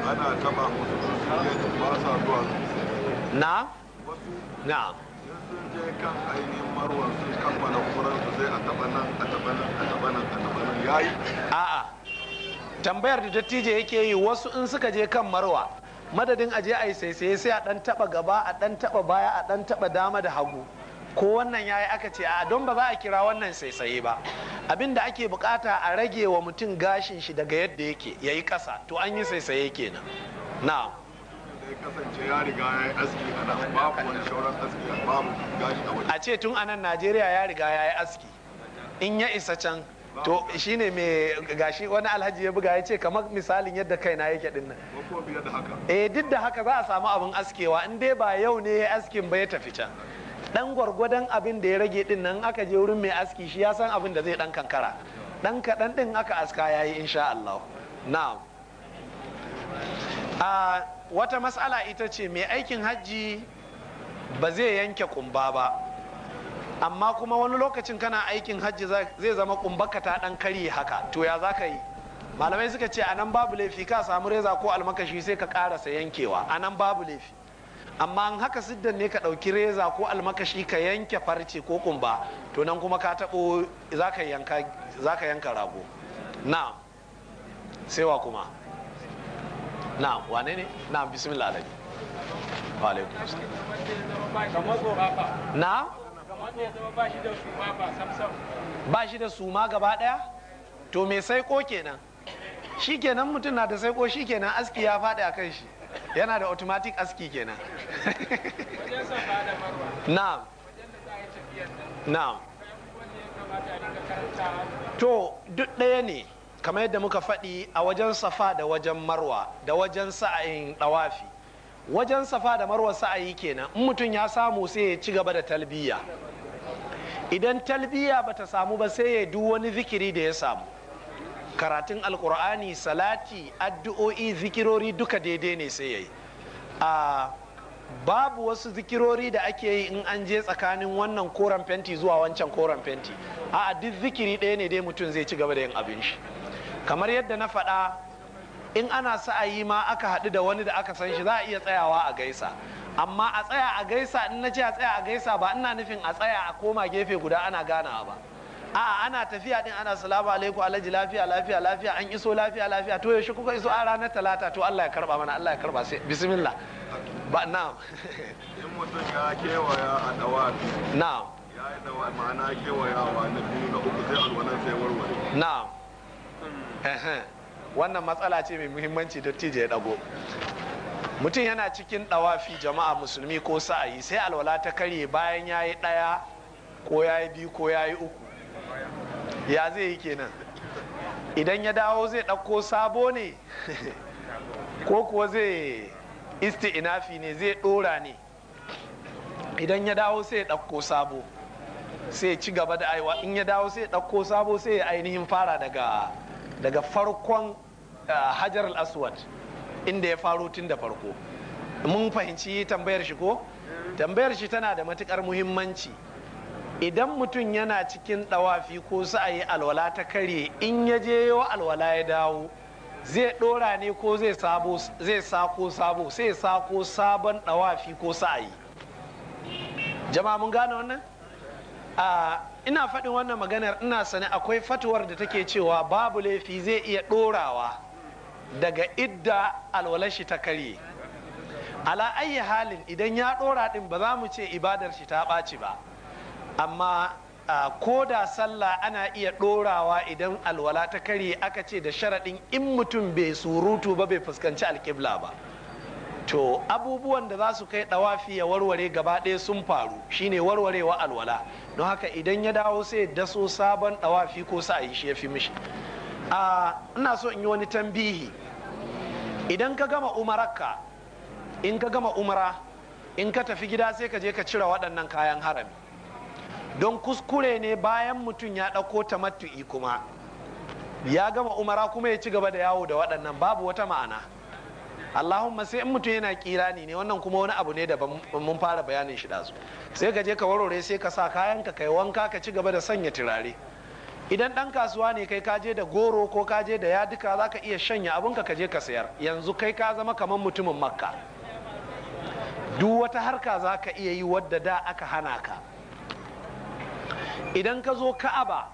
ana taɓa taba ba sa zuwa na na kan ainihin marwa sun kammala kuransu sai a taɓa nan a taɓa nan a taɓa nan a taɓa nan yayi a'a tambayar da dattijo yake yi wasu in suka je kan marwa madadin aje a yi saisaye sai a dan taba gaba a dan taba baya a dan taba dama da hagu ko wannan yayi aka ce a don ba za a kira wannan saisaye ba abin da ake bukata a rage wa mutum gashin shi daga yadda yake yayi kasa to an yi saisaye kenan na'am kasance ya a ce tun anan najeriya ya riga ya yi aski in ya isa can to shine me gashi wani alhaji ya buga ya ce kamar misalin yadda kaina yake din nan eh duk da haka za a samu abin askewa in dai ba yau ne ya askin ba ya tafi can dan gwargwadon abin da ya rage din nan aka je wurin mai aski shi ya san abin da zai dan kankara dan kaɗan din aka aska yayi insha Allah na'am a ah, wata mas'ala ita ce mai aikin hajji ba zai yanke kumba ba amma kuma wani lokacin kana aikin hajji zai zama kumbaka ta dan kari haka to ya za ka yi malamai suka ce anan babu laifi ka samu reza ko almakashi sai ka karasa yankewa anan babu laifi amma an haka siddan ne ka ɗauki reza ko almakashi ka yanke farce ko kumba to nan kuma ka taɓo za ka yanka rago na sewa kuma na wane ne na bismillah alaikum na ba shi da suma gaba daya to me saiko kenan shi kenan mutum na da saiko shi kenan aski ya faɗi a kan shi yana da automatic aski kenan na'am na'am to duk ɗaya ne kamar yadda muka faɗi a wajen safa da wajen marwa da wajen sa'ayin ɗawafi wajen safa da marwa sa'ayi kenan in mutum ya samu sai ya ci gaba da talbiya idan talbiya ba ta samu ba sai ya duk wani zikiri da ya samu karatun alkur'ani salati addu'o'i zikirori duka daidai ne sai ya yi a babu wasu zikirori da ake yi in an je tsakanin wannan koren fenti zuwa wancan koren fenti a duk zikiri ɗaya ne dai mutum zai ci gaba da yin abin shi kamar yadda na faɗa in ana sa'ayi ma aka haɗu da wani da aka san shi za a iya tsayawa a gaisa amma a tsaya a gaisa in na ce a tsaya a gaisa ba ina nufin a tsaya a koma gefe guda ana ganawa ba a'a ana tafiya din ana salamu alaiku alaji lafiya lafiya lafiya an iso lafiya lafiya to yaushe kuka iso a ranar talata to Allah ya karba mana Allah ya karba sai bismillah ba na'am in mutum ya kewaya a dawafi na'am ya yi dawa ma'ana kewayawa na biyu na uku sai alwanan sai warware na'am wannan matsala ce mai muhimmanci dattijo ya dago mutum yana cikin ɗawafi jama'a musulmi ko sa'ayi sai alwala ta karye bayan ya yi ɗaya ko ya yi biyu ko ya yi uku ya zai yi kenan idan ya dawo zai ɗauko sabo ne ko kuwa zai inafi ne zai ɗora ne idan ya dawo sai ya ɗauko sabo sai ci gaba da aiwa in ya dawo sai ya ɗauko sabo sai ya ainihin fara daga farkon eh, hajar al-aswad inda ya faro tun da farko mun fahimci tambayar shi ko tambayar shi tana da matukar muhimmanci idan mutum yana cikin ɗawafi ko sa'ayi alwala ta karye in ya je wa alwala ya dawo zai ɗora ne ko zai sabo zai sako sabo sai sako sabon ɗawafi ko sa'ayi jama'a mun gane wannan a ina faɗin wannan maganar ina sane akwai fatuwar da take cewa babu laifi zai iya ɗorawa daga idda alwalar shi ta karye ala ayi halin idan ya dora din ba za mu ce ibadar shi ta ɓaci ba amma ko da sallah ana iya ɗorawa idan alwala ta karye aka ce da sharaɗin in mutum bai surutu ba bai fuskanci alƙibla ba to abubuwan da za su kai ɗawafi ya warware gaba ɗaya sun faru shine warwarewa alwala don haka idan ya dawo sai daso sabon ɗawafi ko sa'ayi shi ya fi mishi a ina so in yi wani tambihi idan ka gama umararka in ka gama umara in ka tafi gida sai ka je ka cire waɗannan kayan harami don kuskure ne bayan mutum ya ɗauko ta tamattu'i kuma ya gama umara kuma ya ci gaba da yawo da waɗannan babu wata ma'ana allahumma sai in mutum yana kirani ne wannan kuma wani abu ne da mun fara bayanin shi ɗazu sai ka je ka warware sai ka sa kayan ka kai wanka ka ci gaba da sanya turare idan ɗan kasuwa ne kai kaje da goro ko kaje da yaduka za ka iya shanya abinka kaje ka sayar yanzu kai ka zama kamar mutumin makka duk wata harka za ka iya yi wadda da aka hana ka idan ka zo ka'aba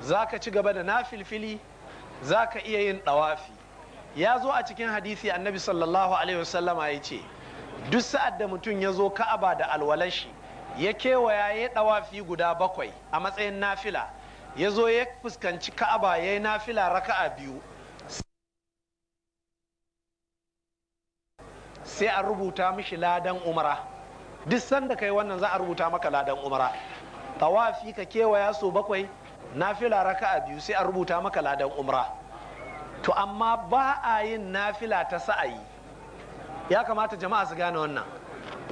za ka ci gaba da nafilfili za ka iya yin ɗawafi ya zo a cikin hadisi annabi sallallahu alaihi wasallama ya ce duk sa'ad da mutum ya zo ka'aba da alwalashi ya kewaya ya ɗawafi guda bakwai a matsayin nafila ya zo ya fuskanci ka'aba ya yi nafila raka'a biyu sai a rubuta mishi ladan umara duk sanda kai wannan za a rubuta maka ladan umara tawafi ka kewaya so bakwai nafila raka'a biyu sai a rubuta maka ladan umara. to amma ba a yin nafila ta sa'ayi ya kamata jama'a su gane wannan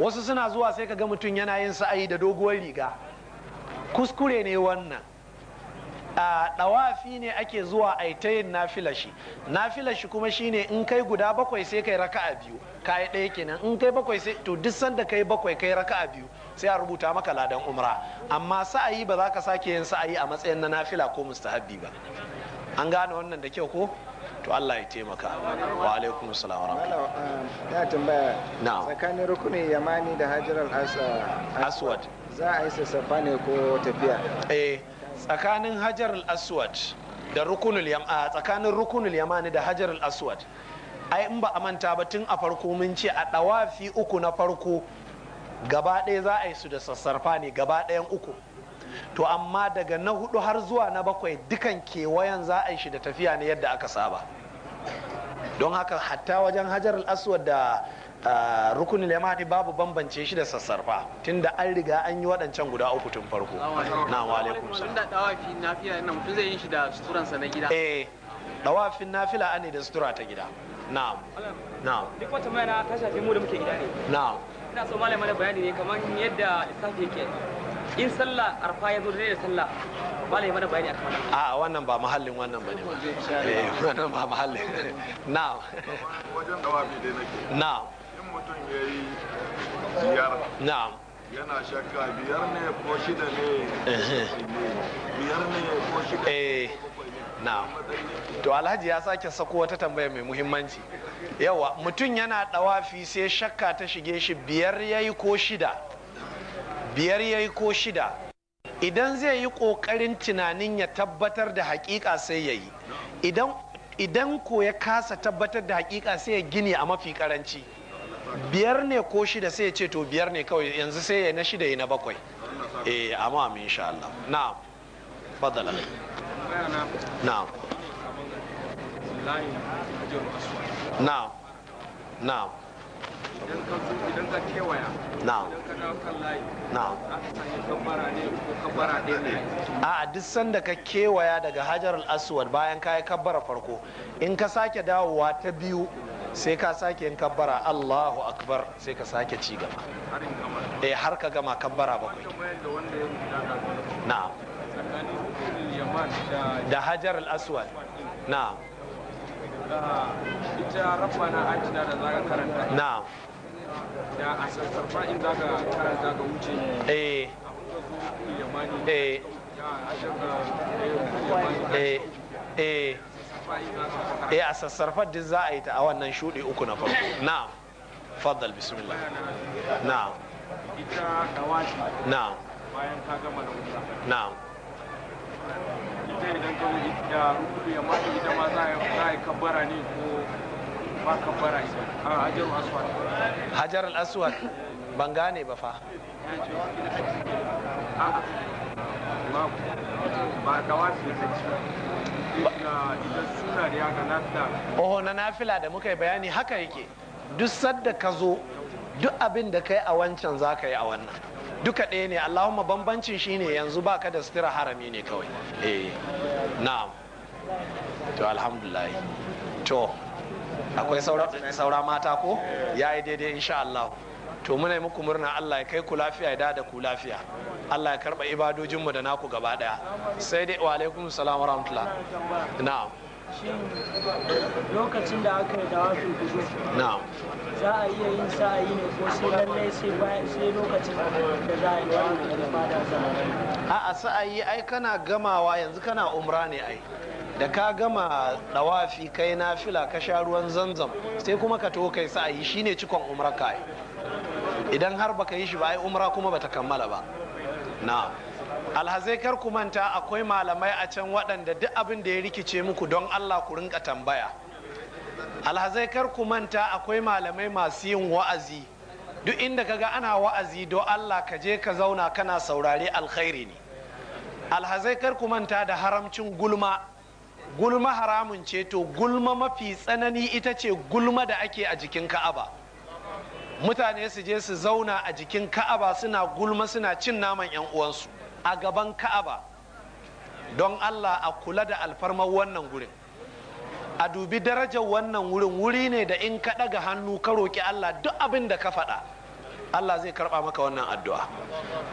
wasu suna zuwa sai ka ga mutum yana yin sa'ayi da doguwar riga kuskure ne wannan dawafi ne ake zuwa a ta yin nafila shi nafila shi kuma shine in kai guda bakwai sai kai raka a biyu kai ɗaya kenan in kai bakwai sai to duk sanda kai bakwai kai raka a biyu sai a rubuta maka ladan umra amma sa'ayi ba za ka sake yin sa'ayi a matsayin na nafila ko mustahabbi ba an gane wannan da kyau ko to Allah ya taimaka wa alaikum salam wa um, ya tambaya tsakanin rukunin yamani da hajar al-aswad za a yi sassafa ne ko tafiya eh tsakanin hajar al-aswad da rukunul a tsakanin rukunul yamani da hajar al-aswad ai in ba a manta ba tun a farko mun ce a ɗawafi uku na farko gaba ɗaya za a yi su da sassarfa ne gaba ɗayan uku to amma daga na hudu har zuwa na bakwai dukan kewayen za a yi shi da tafiya ne yadda aka saba don haka hatta wajen hajar al-aswad da rukunin limadi babu bambance shi da sassarfa tun da an riga an yi waɗancan guda uku tun farko na wa alaikum salam tunda dawafi nafiya nan mutum zai yi shi da suturansa na gida eh dawafin nafila ne da sutura ta gida na'am na'am duk wata mai na ta shafi mu da muke gida ne na'am ina so malama da bayani ne kamar yadda lissafi yake in sallah arfa ya zo da da sallah malai mana bayani akan wannan a wannan ba mahallin wannan bane ba eh, wannan ba mahallin na'am wajen dawafi dai nake na'am mutum ya yi biyar yana shakka biyar ne ko shida ne biyar ne ko shida ne eh. na'am to alhaji ya sake sako wata tambaya mai muhimmanci yawa mutum yana ɗawafi sai shakka ta shige shi biyar yayi ko shida biyar yayi ko shida idan zai yi kokarin tunanin ya tabbatar da hakika sai ya yi idan ko ya kasa tabbatar da hakika sai ya gini a mafi karanci biyar ne ko shida sai ya ce to biyar ne kawai yanzu sai ya na shida ya na bakwai eh amma mu insha Allah na. fadala Na. Na. Na. idan ka zo idan ka kewaya ka dawo kan layi kabbara ne ko kabbara ne a duk sanda ka kewaya daga hajar al-aswad bayan ka yi kabbara farko in ka sake dawowa ta biyu sai ka sake yin kabbara Allahu akbar sai ka sake ci gaba eh har ka gama kabbara bakwai na'am da hajar al-aswad na'am ita rabbana ajina da zaka karanta na'am da asasar fa'in zaka karanta ga wuce eh eh. eh eh eh eh a sassarfar duk za a yi ta a wannan shuɗe uku na farko Na, faddal bismillah na. ita dawashi bayan gama da wuta ita idan wuce da ya mata ita ma za a yi kabbara ne ko ba kabbara ita a hajar aswad hajar aswad ban gane ba fa ba oh na nafila da muka yi bayani haka yake duk sadda ka zo duk abin da kai a wancan za ka yi a wannan duka ɗaya ne allahumma bambancin shine yanzu baka da sutura harami ne kawai eh na'am to alhamdulillah to akwai saura mata ko ya yi daidai insha Allahu. to muna muku murna Allah ya kai ku lafiya ya da ku lafiya Allah ya karba ibadojin mu da naku gaba daya sai dai wa alaikum salam wa rahmatullah na'am lokacin da aka yi dawafin kudu na'am za a iya yin sa'ayi ne ko sai lallai sai lokacin da za a yi dawafin a a sa'ayi ai kana gamawa yanzu kana umra ne ai da ka gama dawafi kai nafila ka sha ruwan zanzam sai kuma ka taho kai sa'ayi shine cikon umra kai idan har baka yi shi ba ai umra kuma bata kammala ba na alhazai kar ku manta akwai malamai a can waɗanda duk abin da ya rikice muku don allah ku rinka tambaya alhazai kar ku manta akwai malamai masu yin wa'azi duk inda ka ga ana wa'azi don allah ka je ka zauna kana saurari alkhairi ne alhazai kar ku manta da haramcin gulma gulma haramun ce to gulma mafi tsanani ita ce gulma da ake a jikin ka'aba mutane su je su zauna a jikin ka'aba suna gulma suna cin naman 'yan uwansu a gaban ka'aba don allah a kula da alfarmar wannan gurin a dubi darajar wannan wurin wuri ne da in ka ɗaga hannu ka roƙi allah duk abin da ka faɗa allah zai karɓa maka wannan addu'a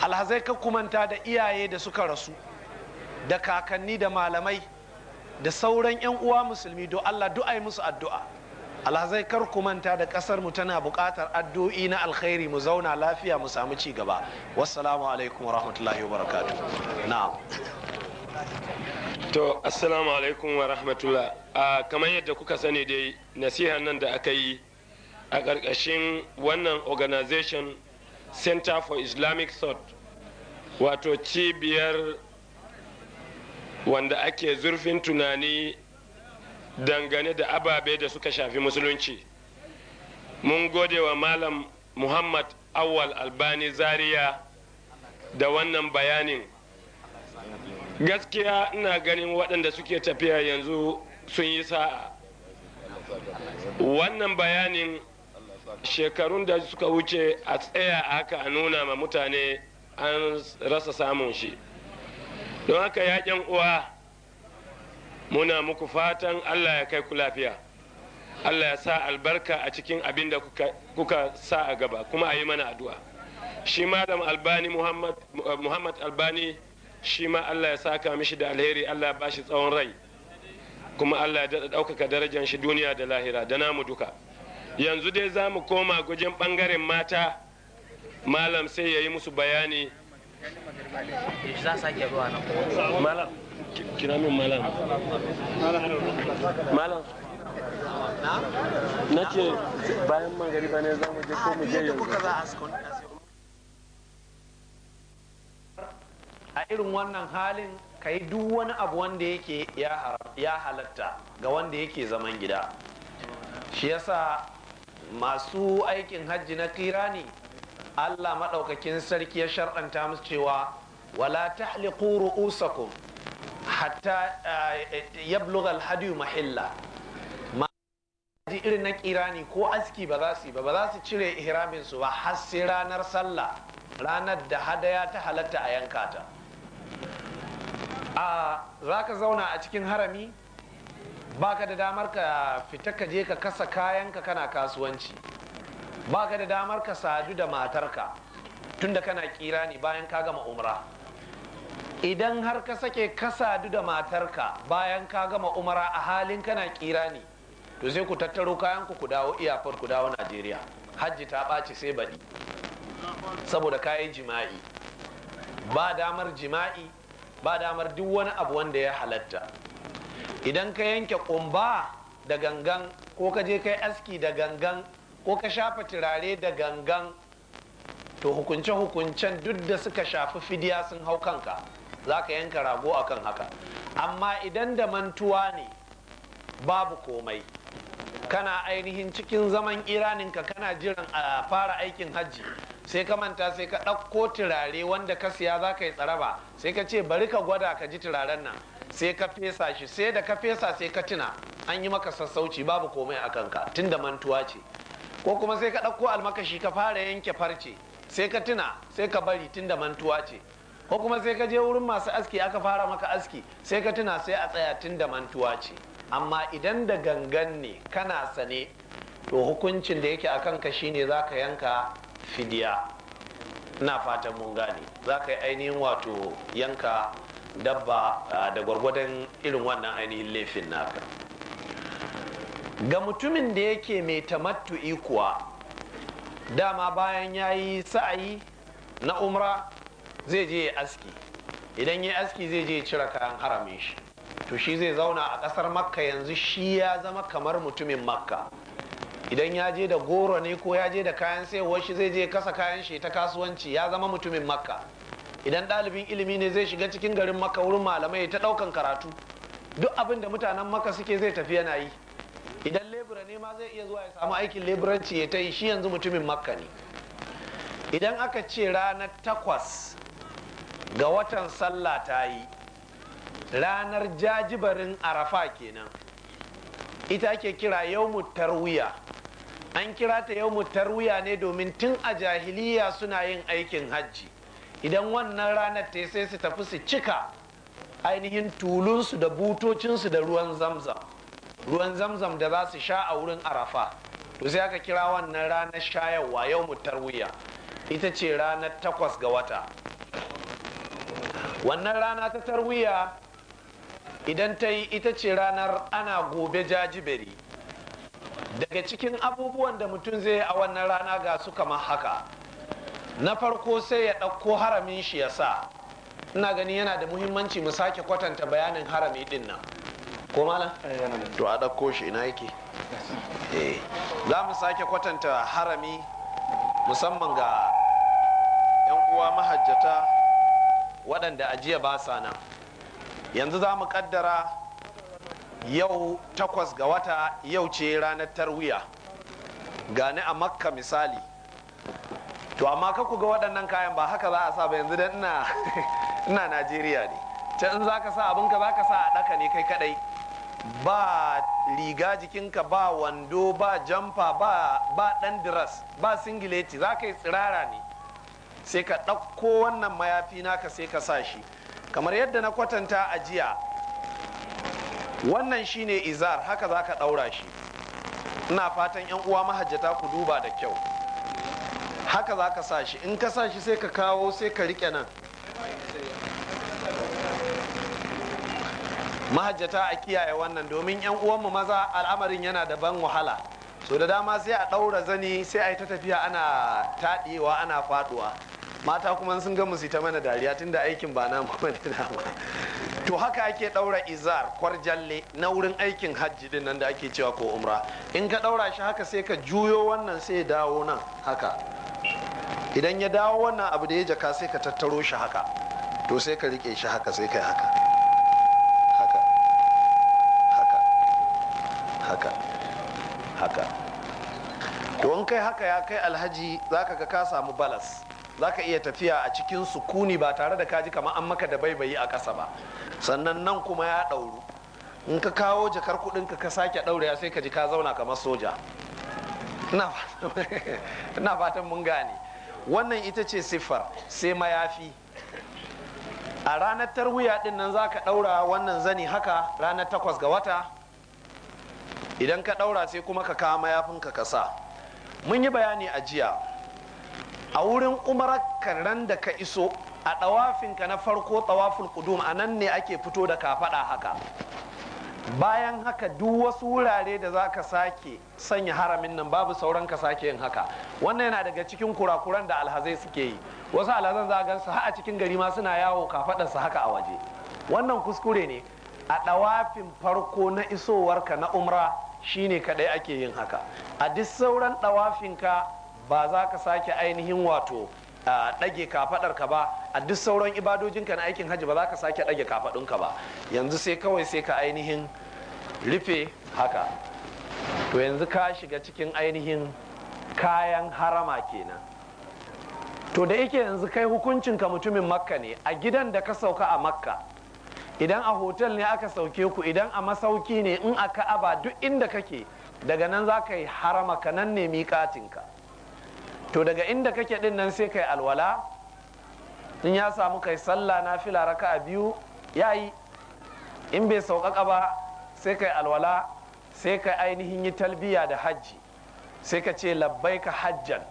alhazai ka kumanta da iyaye da suka rasu da kakanni da malamai da sauran 'yan uwa musulmi do allah duk ai musu addu'a alhazai kar ku manta da kasar mu tana buƙatar addu'i na alkhairi mu zauna lafiya mu samu ci gaba wassalamu alaikum warahmatullahi wabarakatuh na. to assalamu alaikum wa rahmatullah ah, kamar yadda kuka sani dai nasiha nan da aka yi a ƙarƙashin wannan organization center for islamic thought wato cibiyar wanda ake zurfin tunani dangane da ababe da suka shafi musulunci mun gode wa malam muhammad awwal albani zaria da wannan bayanin gaskiya ina ganin waɗanda suke tafiya yanzu sun yi sa'a wannan bayanin shekarun da suka wuce a tsaya haka a nuna ma mutane an rasa samun shi don haka yaƙin uwa muna muku fatan allah ya kai ku lafiya allah ya sa albarka a cikin abin da kuka, sa a gaba kuma a yi mana addu'a shi malam albani muhammad, muhammad albani shi ma allah ya saka mishi da alheri allah ya bashi tsawon rai kuma allah ya daɗa ɗaukaka darajar shi duniya da lahira da namu duka yanzu dai za mu koma gujen bangaren mata malam sai ya yi musu bayani malam kira min malam na ce bayan magariba ne za mu je ko mu je yanzu a irin wannan halin ka yi duk wani abu wanda yake ya halatta ga wanda yake zaman gida shi yasa masu aikin hajji na kirani Allah maɗaukakin sarki ya sharɗanta musu cewa wala ta'liqu ru'usakum hatta eh, ya al alhadiyu mahilla ji irin na kirani ko aski ba za su ba ba za su cire ihramin su ba har sai ranar sallah ranar da hadaya ta halatta a yanka ta a za ka zauna a cikin harami baka da damar ka fita ka je ka kasa kayanka kana kasuwanci baka da damar ka sadu da matarka tunda kana kirani bayan ka gama umra idan har ka sake kasadu du da matarka bayan ka gama umara a halin kana kira ne to sai ku tattaro kayan ku dawo iyafar ku dawo najeriya hajji ta ɓaci sai baɗi saboda kayan jima'i ba damar jima'i ba damar duk wani abu wanda ya halatta idan ka yanke ƙumba da gangan ko ka je kai aski da gangan ko ka shafa turare da gangan to hukunce-hukuncen duk da suka shafi fidiya sun hau kanka za ka yanka rago a kan haka amma idan da mantuwa ne babu komai kana ainihin cikin zaman iraninka kana jiran a fara aikin hajji sai ka manta sai ka ɗauko turare wanda ka siya za ka yi tsaraba sai ka ce bari ka gwada ka ji turaren nan sai ka fesa shi sai da ka fesa sai ka tuna an yi maka sassauci babu komai a kanka tun da mantuwa ce ko kuma sai ka ɗauko almakashi ka fara yanke farce sai ka tuna sai ka bari tun da mantuwa ce ko kuma sai ka je wurin masu aski aka fara maka aski sai ka tuna sai a tsaya tun da mantuwa ce amma idan da gangan ne kana sane to hukuncin da yake a ka shine za ka yanka fidiya na fatan mun gane za ka yi ainihin wato yanka dabba da gwargwadon irin wannan ainihin laifin naka ga mutumin da yake mai tamattu kuwa dama bayan ya yi sa'ayi na umra zai je ya aski idan ya aski zai je ya cire kayan haramin shi to shi zai zauna a kasar makka yanzu shi ya zama kamar mutumin makka idan ya je da goro ne ko ya je da kayan sayarwar shi zai je kasa kayan shi ta kasuwanci ya zama mutumin makka idan ɗalibin ilimi ne zai shiga cikin garin makka wurin malamai ta ɗaukan karatu duk abin da mutanen makka suke zai tafi yana yi idan lebura ne ma zai iya zuwa ya samu aikin leburanci ya ta yi shi yanzu mutumin makka ne idan aka ce ranar takwas ga watan sallah ta yi ranar jajibarin arafa kenan ita ke kira yau tarwiya an kira ta yau tarwiya ne domin tun a jahiliya suna yin aikin hajji idan wannan ranar ta sai su tafi su cika ainihin tulunsu da butocinsu da ruwan zamzam ruwan zamzam da za su sha a wurin arafa to sai aka kira wannan ranar shayarwa yau tarwiya ita ce ranar takwas ga wata wannan rana ta tarwiya idan ta yi ita ce ranar ana gobe jajibiri daga cikin abubuwan da mutum zai a wannan rana ga su kamar haka na farko sai ya ɗauko haramin shi ya sa ina gani yana da muhimmanci mu sake kwatanta bayanin harami ɗin nan ko malam eh, to a ɗauko shi ina yake eh, za mu sake kwatanta harami musamman ga 'yan uwa mahajjata waɗanda ajiya ba sa nan yanzu za mu kaddara yau takwas ga wata yau ce ranar tarwiya gani a makka misali to amma ka ga waɗannan kayan ba haka za a sa ba yanzu da ina najeriya ne ta in za ka sa abinka za ka sa a ɗaka ne kai kadai ba riga jikinka ba wando ba jamfa ba ɗan diras ba singileti za ka yi tsirara ne sai ka ɗauko wannan mayafi naka sai ka sa shi kamar yadda na kwatanta a jiya wannan shine izar haka za ka ɗaura shi ina fatan 'yan uwa mahajjata ku duba da kyau haka za ka sa shi in ka sa shi sai ka kawo sai ka riƙe nan mahajjata a kiyaye wannan domin 'yan uwanmu maza al'amarin yana da ban wahala so da dama sai a ɗaura zani sai a yi ta tafiya ana taɗewa ana faɗuwa mata kuma sun ga su ta mana dariya tunda aikin ba na bane ba to haka ake ɗaura izar kwarjalle na wurin aikin hajji din nan da ake cewa ko umra in ka ɗaura shi haka sai ka juyo wannan sai ya dawo nan haka idan ya dawo wannan abu da ya jaka sai ka tattaro shi haka to sai ka rike shi haka sai kai haka haka haka haka haka to in kai haka ya kai alhaji zaka ga ka samu balas Za ka iya tafiya a cikin sukuni ba tare da kaji kamar an maka da bai baibayi a ƙasa ba sannan nan kuma ya ɗauru in ka kawo jakar kuɗin ka sake ɗaure sai ka ji ka zauna kamar soja ina fatan mun gane wannan ita ce siffar sai mayafi a ranar tarwiya din nan za ka ɗaura wannan zani haka ranar takwas ga wata idan ka ɗaura sai kuma ka kawo mayafin ka kasa mun yi bayani a jiya a wurin umararka ran da ka iso a ɗawafinka na farko ɗawafin kudum a nan ne ake fito da kafaɗa haka bayan haka duk wasu wurare da za ka sake sanya haramin nan babu sauran ka sake yin haka wannan yana daga cikin kurakuran da alhazai suke yi wasu alhazan za gansu ha a cikin gari ma suna yawo su haka a waje wannan kuskure ne a ɗawafin farko na isowarka na umra shine kaɗai ake yin haka a duk sauran ɗawafinka ba za ka sake ainihin wato ɗage kafaɗarka ba a duk sauran ibadojinka na aikin hajji ba za ka sake ɗage kafaɗunka ba yanzu sai kawai sai ka ainihin rufe haka to yanzu ka shiga cikin ainihin kayan harama kenan to da yake yanzu kai hukuncinka mutumin makka ne a gidan da ka sauka a makka idan a hotel ne aka sauke ku idan a masauki ne in a ka'aba duk inda kake daga nan za ka yi harama ka nan ne miƙatinka to daga inda kake din nan sai kai alwala in ya samu kai sallah na fila raka a biyu yayi in bai sauƙaƙa ba sai kai alwala sai kai ainihin yi talbiya da hajji sai ka ce labbaika hajjan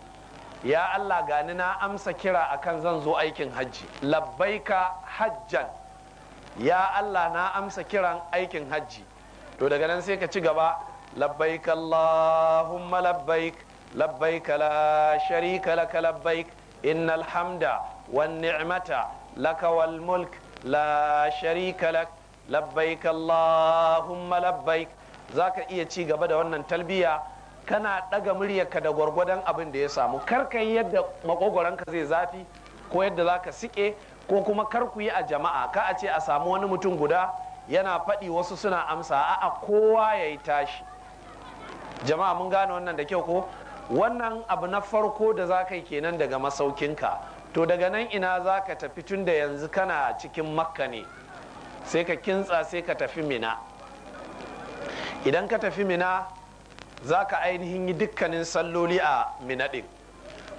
ya Allah gani na amsa kira akan zan zo aikin hajji labbaika hajjan ya Allah na amsa kiran aikin hajji to daga nan sai ka ci gaba labbaik Allahumma labbaik لبيك لا شريك لك لبيك إن الحمد والنعمة لك والملك لا شريك لك لبيك اللهم لبيك ذاك iya ci gaba da wannan talbiya kana daga muryarka da gwargwadon abin da ya samu kar karka yadda makogoranka zai zafi ko yadda za ka siƙe ko kuma kar ku yi a jama'a ka a ce a samu wani mutum guda yana faɗi wasu suna amsa a'a kowa ya tashi jama'a mun gane wannan da kyau ko wannan abu na farko da za ka yi kenan daga masaukinka to daga nan ina za ka tafi tun da yanzu kana cikin makka ne sai ka kintsa sai ka tafi mina idan ka tafi mina za ka ainihin yi dukkanin salloli a mina ɗin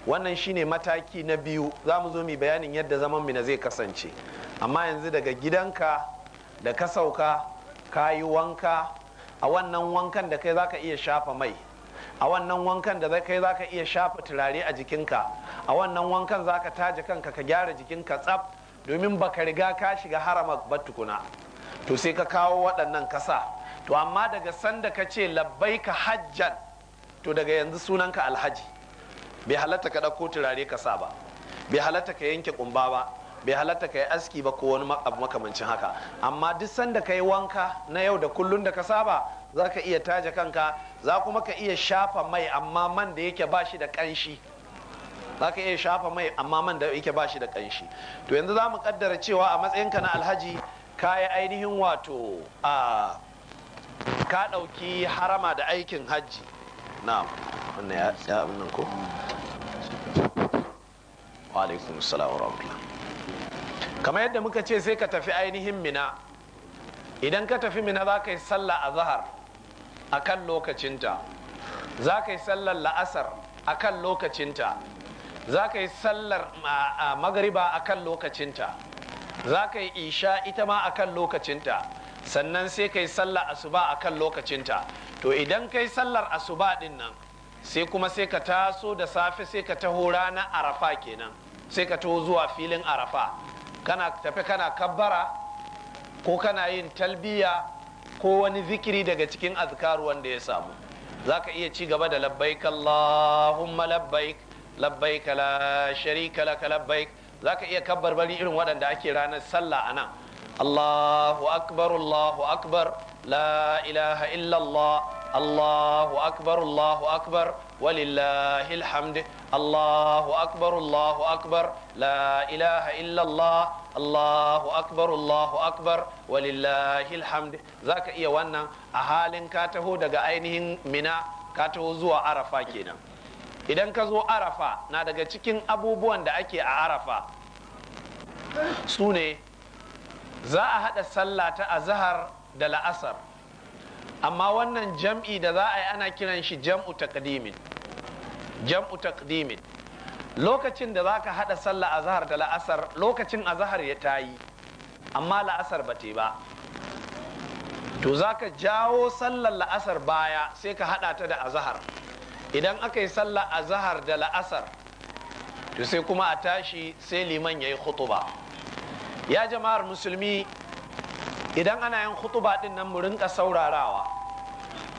wannan shine mataki na biyu za mu zo mu bayanin yadda zaman mina zai kasance amma yanzu daga gidanka da ka sauka ka yi wanka a wannan wankan da kai za ka iya shafa mai a wannan wankan da kai za ka iya shafa turare a jikinka a wannan wankan za ka taje kanka ka gyara jikinka tsaf domin baka riga ka shiga haramak ba tukuna to sai ka kawo waɗannan kasa to amma daga sanda ka ce labbai ka hajjan to daga yanzu sunanka alhaji bai halatta ka ɗauko turare kasa ba bai halatta ka yanke ƙumba ba bai halatta ka yi aski ba ko wani makamancin haka amma duk sanda ka yi wanka na yau da kullun da ka saba za ka iya taje kanka za kuma ka iya shafa mai amma man da yake ba shi da ƙanshi za ka iya shafa mai amma man da yake ba shi da ƙanshi to yanzu za mu kaddara cewa a matsayinka na alhaji ka yi ainihin wato a ka ɗauki harama da aikin hajji na wannan ya abin nan ko alaikum salam kamar yadda muka ce sai ka tafi ainihin mina idan ka tafi mina za ka yi sallah a zahar a kan lokacinta za ka yi sallar la'asar a kan lokacinta za ka yi sallar magariba a kan lokacinta za ka yi isha ita ma a kan lokacinta sannan sai ka yi sallar asuba a kan lokacinta to idan ka yi sallar asuba din nan sai kuma sai ka taso da safe sai ka taho ranar arafa kenan sai ka taho zuwa filin arafa kana tafi kana kabbara ko kana yin talbiya ko wani zikiri daga cikin azkar wanda ya samu zaka iya ci gaba da labbaik Allahumma labbaik labbaik la sharika lak labbaik zaka iya kabbar bari irin waɗanda ake ranar sallah anan Allahu akbar Allahu akbar la ilaha illallah Allahu akbar Allahu akbar walillahi alhamd Allahu akbar Allahu la ilaha illallah Allahu akbar Allahu akbar walillahi alhamd zaka iya wannan a halin ka taho daga ainihin mina ka taho zuwa arafa kenan idan ka zo arafa na daga cikin abubuwan da ake a arafa Sune za a haɗa sallah ta azahar da la'asar amma wannan jam'i da za a yi ana kiran shi jam'u ta takadimin jam'u taqdimin lokacin da zaka hada sallah azhar da la'asar lokacin azhar ya tayi amma la'asar ba te ba to zaka jawo sallar la'asar baya sai ka hada ta da azhar idan aka yi sallar azhar da la'asar to sai kuma a tashi sai liman yayi khutuba ya jama'ar musulmi idan ana yin khutuba din nan mu rinka saurarawa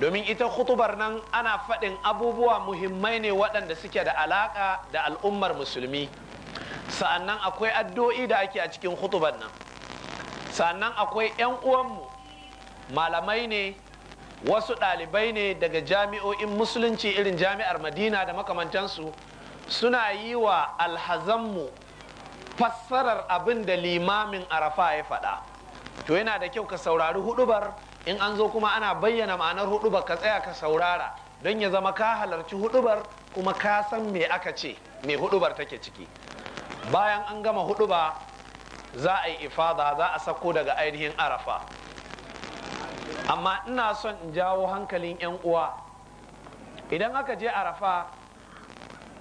domin ita khutubar nan ana faɗin abubuwa muhimmai ne waɗanda suke da alaƙa da al'ummar musulmi sa'annan akwai addu'o'i da ake a cikin khutubar nan sa'annan akwai 'yan uwanmu malamai ne wasu ɗalibai ne daga jami'o'in musulunci irin jami'ar madina da makamantansu suna yi wa alhazanmu fassarar abin da limamin arafa ya faɗa to yana da kyau ka saurari huɗubar. in an zo kuma ana bayyana ma'anar hudubar ka tsaya ka saurara don ya zama ka halarci hudubar kuma ka san me aka ce me hudubar take ciki bayan an gama huduba za a yi ifada za a sako daga ainihin arafa amma ina son in jawo hankalin 'yan uwa idan aka je arafa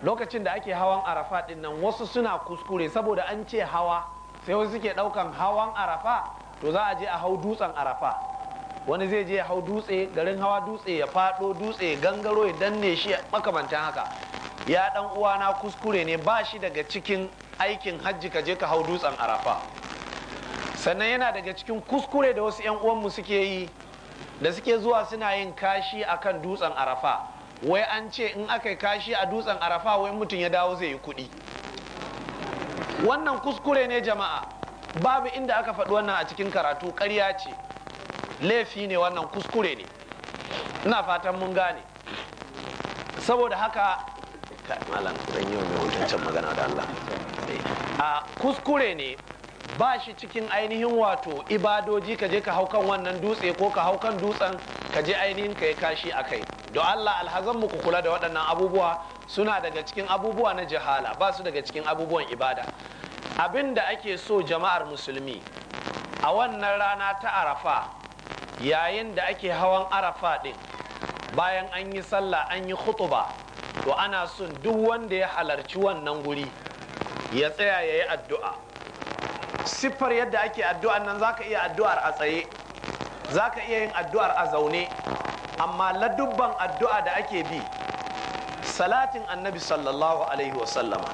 lokacin da ake hawan arafa din nan wasu suna kuskure saboda an ce hawa sai wasu suke daukan hawan arafa to za a je a hau dutsen arafa wani zai je ya hau dutse garin hawa dutse ya faɗo dutse gangaro ya danne shi makamantan haka ya dan uwana kuskure ne ba shi daga cikin aikin hajji ka je ka hau dutsen arafa sannan yana daga cikin kuskure da wasu yan uwanmu suke yi da suke zuwa suna yin kashi akan dutsen arafa wai an ce in aka yi kashi a dutsen arafa wai mutum ya dawo zai yi kuɗi wannan kuskure ne jama'a babu inda aka faɗi wannan a cikin karatu ƙarya ce laifi ne wannan kuskure ne ina fatan mun gane saboda haka malam dan yi mai magana da Allah a kuskure ne ba shi cikin ainihin wato ibadoji ka je ka hau kan wannan dutse ko ka haukan dutsen ka je ainihin ka yi kashi a kai don Allah alhazan mu ku kula da waɗannan abubuwa suna daga cikin abubuwa na jihala ba su daga cikin abubuwan ibada abinda ake so jama'ar musulmi a wannan rana ta arafa yayin da ake hawan arafa ɗin bayan an yi sallah an yi khutuba to ana son duk wanda ya halarci wannan guri ya tsaya ya yi addu'a siffar yadda ake addu'a nan za ka iya addu'ar a tsaye za ka iya yin addu'ar a zaune amma ladubban addu'a da ake bi salatin annabi sallallahu alaihi wasallama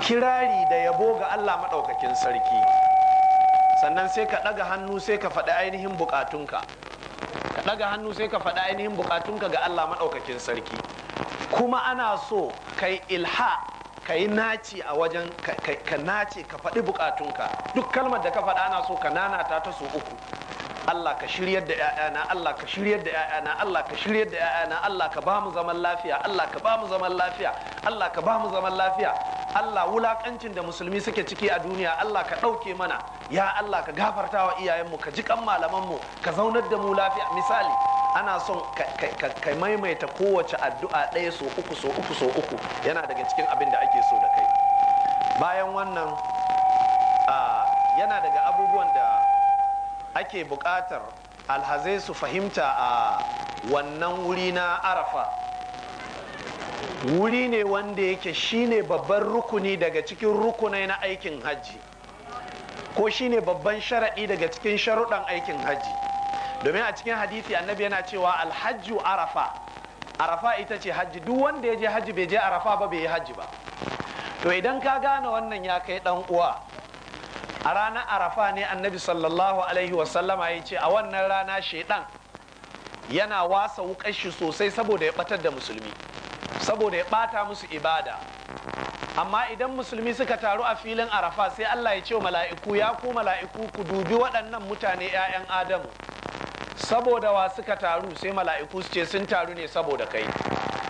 kirari da yabo ga Allah maɗaukakin sarki sannan sai ka ɗaga hannu sai ka faɗi ainihin buƙatunka ka ɗaga hannu sai ka faɗi ainihin buƙatunka ga Allah maɗaukakin sarki kuma ana so ka yi ilha ka yi naci a wajen ka nace ka faɗi buƙatunka duk kalmar da ka faɗa ana so ka nanata ta su uku Allah ka shiryar da ‘ya'yana, Allah ka shiryar da ‘ya'yana, Allah ka shiryar da ‘ya'yana, Allah ka ba mu zaman lafiya, Allah ka ba mu zaman lafiya, Allah ka ba mu zaman lafiya, Allah wulakancin da musulmi suke ciki a duniya, Allah ka ɗauke mana, ya Allah ka gafarta wa iyayenmu, ka ji kan malamanmu, ka zaunar da mu lafiya. Misali, ana son ka maimaita kowace addu'a ɗaya so uku so uku so uku yana daga cikin abin da ake so da kai. Bayan wannan, ah, yana daga abubuwan da ake buƙatar alhazai su fahimta a wannan wuri na arafa wuri ne wanda yake shine babban rukuni daga cikin rukunai na aikin hajji ko shine babban sharaɗi daga cikin sharuɗan aikin hajji domin a cikin hadisi annabi yana cewa alhajju arafa arafa ita ce hajji duk wanda ya je hajji bai je arafa ba bai yi hajji ba to idan ka gane wannan ya kai ɗan uwa a ranar arafa ne annabi sallallahu alaihi wasallama ya ce a wannan rana shaidan yana wasa wukar shi sosai saboda ya batar da musulmi saboda ya bata musu ibada amma idan musulmi suka taru a filin arafa sai allah ya ce wa mala'iku ya ku mala'iku ku dubi waɗannan mutane 'ya'yan adamu saboda wa suka taru sai mala'iku su ce sun taru ne saboda kai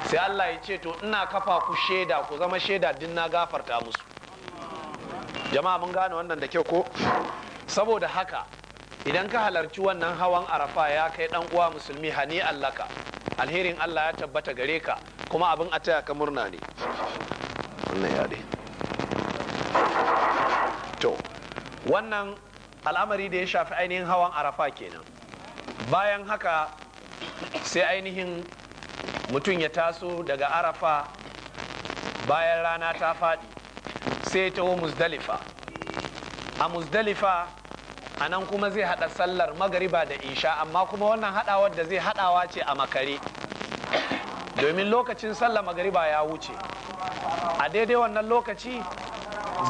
sai allah ya ce to ina kafa ku shaida ku zama shaida din na gafarta musu jama'a mun gane wannan da kyau ko saboda haka idan ka halarci wannan hawan arafa ya kai dan uwa musulmi hani allaka alherin allah ya tabbata gare ka kuma abin a taya ka murna ne wannan ya to wannan al'amari da ya shafi ainihin hawan arafa kenan bayan haka sai ainihin mutum ya taso daga arafa bayan rana ta faɗi sai ya taho muzdalifa a muzdalifa a nan kuma zai hada sallar magariba da isha amma kuma wannan hadawar da zai hadawa ce a makare domin lokacin sallar magariba ya wuce a daidai wannan lokaci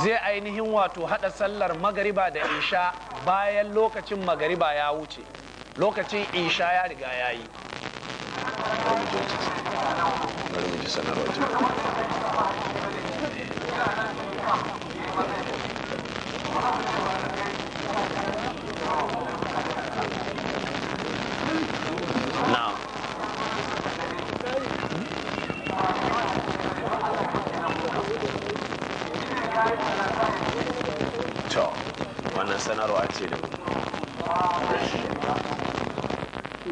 zai ainihin wato hada sallar magariba da isha bayan lokacin magariba ya wuce lokacin isha ya riga ya yi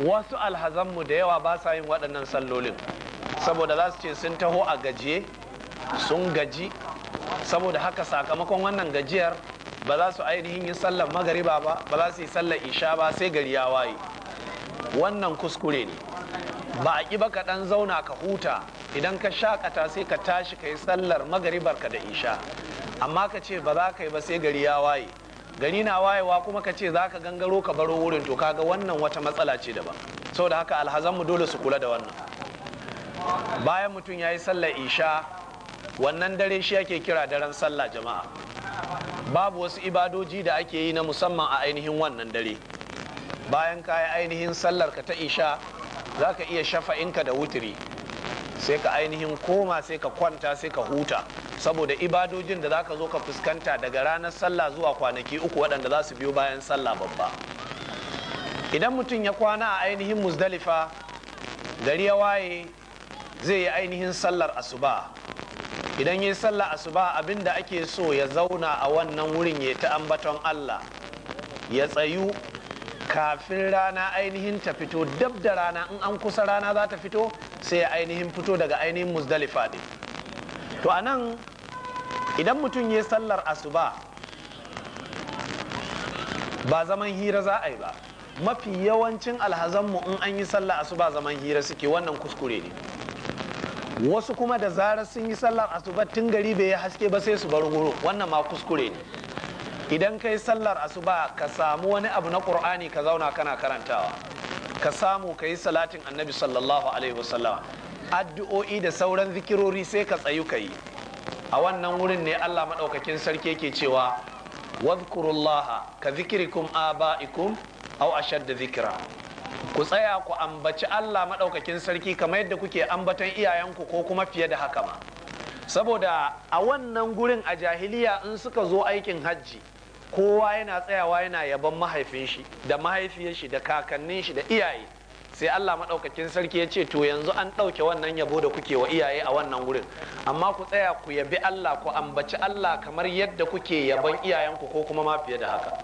wasu alhazanmu da yawa ba sa yin waɗannan sallolin saboda za su ce sun taho a gajiye sun gaji saboda haka sakamakon wannan gajiyar ba za su ainihin yi sallar magariba ba ba za su yi sallar isha ba sai gari ya waye wannan kuskure ne ba a ƙi ba ka ɗan zauna ka huta idan ka shakata sai ka tashi ka yi sallar magaribar ka da isha amma ka ce ba za ka yi ba sai gari ya waye gari na wayewa kuma ka ce za ka gangaro ka baro wurin to kaga wannan wata matsala ce daban saboda haka alhazanmu dole su kula da wannan bayan mutum ya yi sallar isha wannan dare shi ake kira daren sallah jama'a babu wasu ibadoji da ake yi na musamman a ainihin wannan dare bayan ka yi ainihin sallar ka ta isha za ka iya shafa'inka da wutiri sai ka ainihin koma sai ka kwanta sai ka huta saboda ibadojin da za ka zo ka fuskanta daga ranar sallah zuwa kwanaki uku waɗanda za su biyo bayan sallah babba idan mutum ya kwana a ainihin muzdalifa gari ya waye zai yi ainihin sallar asuba idan yi sallah asuba abinda ake so ya zauna a wannan wurin ya ta ambaton Allah ya tsayu kafin rana ainihin ta fito dab da rana in an kusa rana za ta fito sai ya ainihin fito daga ainihin muzdalifa ne. to a nan idan mutum ya sallar asuba ba zaman hira za a yi ba mafi yawancin alhazanmu in an yi sallar asuba zaman hira suke wannan kuskure ne wasu kuma da zarar sun yi sallar asuba tun gari bai haske ba sai su bar guru wannan ma kuskure ne idan kai sallar asuba ka samu wani abu na qur'ani ka zauna kana karantawa ka samu ka yi salatin annabi sallallahu alaihi wasallam addu'o'i da sauran zikirori sai ka tsayu ka yi a wannan wurin ne Allah maɗaukakin sarki yake cewa wadhkurullaha ka zikirikum aba'ikum aw ashadda zikira. ku tsaya ku ambaci Allah maɗaukakin sarki kamar yadda kuke ambatan iyayenku ko kuma fiye da haka ba. saboda a wannan gurin a jahiliya in suka zo aikin hajji kowa yana tsayawa yana yaban mahaifin shi da mahaifiyar shi da kakannin shi da iyaye sai Allah maɗaukakin sarki ya ce to yanzu an ɗauke wannan yabo da kuke wa iyaye a wannan wurin amma ku tsaya ku yabi Allah ku ambaci Allah kamar yadda kuke yaban iyayenku ko kuma ma fiye da haka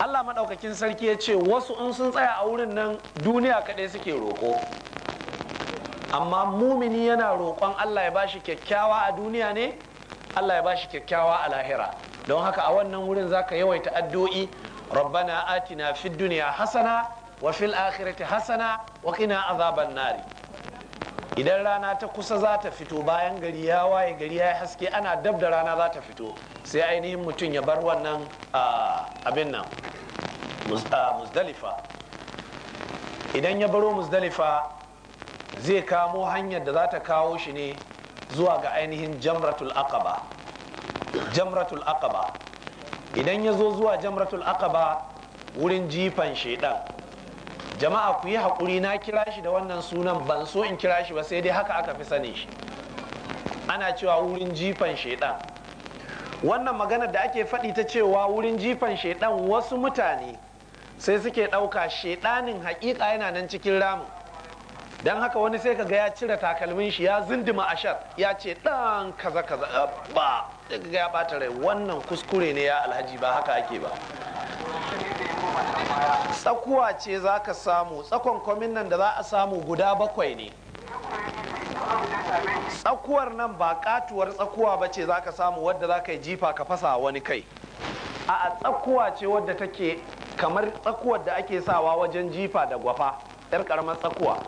Allah maɗaukakin sarki ya ce wasu in sun tsaya a wurin nan duniya kaɗai suke roƙo amma mumini yana roƙon Allah ya bashi kyakkyawa a duniya ne Allah ya bashi kyakkyawa a lahira don haka a wannan wurin zaka yawaita addu'o'i rabbana atina fid dunya hasana wa fil akhirati hasana wa qina azaban nari idan rana ta kusa za ta fito bayan gari ya waye gari ya haske ana dab da rana za ta fito sai ainihin mutum ya bar wannan abin nan muzdalifa idan ya baro muzdalifa zai kamo hanyar da za ta kawo shi ne zuwa ga ainihin jamratul aqaba jamratul aqaba idan ya zo zuwa jamratul aqaba wurin jifan shaidan jama'a ku yi haƙuri na kira shi da wannan sunan ban so in kira shi ba sai dai haka aka fi sani shi ana cewa wurin jifan shaidan wannan maganar da ake faɗi ta cewa wurin jifan shaidan wasu mutane sai suke ɗauka shaidanin haƙiƙa yana nan cikin ramu. don haka wani sai ga ya cire takalmin shi ya zindima ashar ya ce ɗan kaza kaza ba ya ɓata rai wannan kuskure ne ya alhaji ba haka ake ba tsakuwa ce za ka samu tsakon kwamin nan da za a samu guda bakwai ne tsakuwar nan ba katuwar tsakuwa ba ce za ka samu wadda za ka yi jifa ka fasa wani kai a tsakuwa ce wadda take kamar tsakuwar da ake sawa wajen jifa da gwafa yar karamar tsakuwa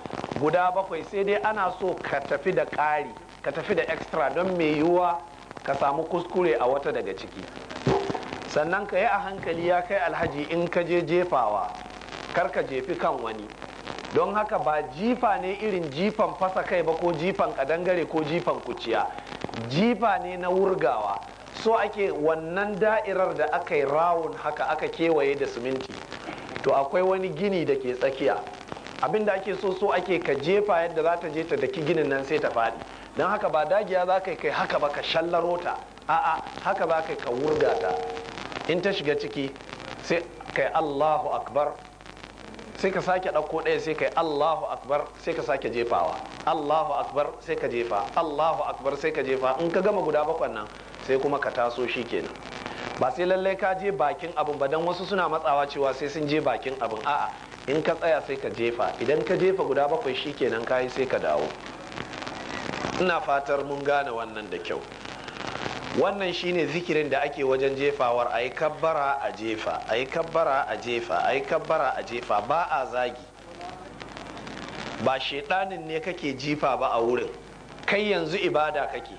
guda bakwai sai dai ana so ka tafi da ƙari ka tafi da extra don mai yiwuwa ka samu kuskure a wata daga ciki sannan ka yi a hankali ya kai alhaji in ka je jefawa kar ka jefi kan wani don haka ba jifa ne irin jifan fasa kai ba ko jifan kadangare ko jifan kuciya jifa ne na wurgawa so ake wannan da'irar da aka yi rawun haka aka kewaye da siminti to akwai wani gini da ke tsakiya abin da ake so so ake ka jefa yadda za ta je ta daki ginin nan sai ta faɗi don haka ba dagiya za ka kai haka ba ka shallarota a'a haka za ka ka wurga ta in ta shiga ciki sai kai Allahu akbar sai ka sake ɗauko ɗaya sai kai Allahu akbar sai ka sake jefawa Allahu akbar sai ka jefa Allahu akbar sai ka jefa in ka gama guda bakwan nan sai kuma ka taso shi kenan ba sai lallai ka je bakin abin ba dan wasu suna matsawa cewa sai sun je bakin abin a'a in ka tsaya sai ka jefa idan ka jefa guda bakwai shi kenan kayi sai ka dawo ina fatar mun gane wannan da kyau wannan shine zikirin da ake wajen jefawar a yi kabbara a jefa a yi kabbara a jefa a yi kabbara a jefa ba a zagi ba shaidanin ne kake jifa ba a wurin kai yanzu ibada kake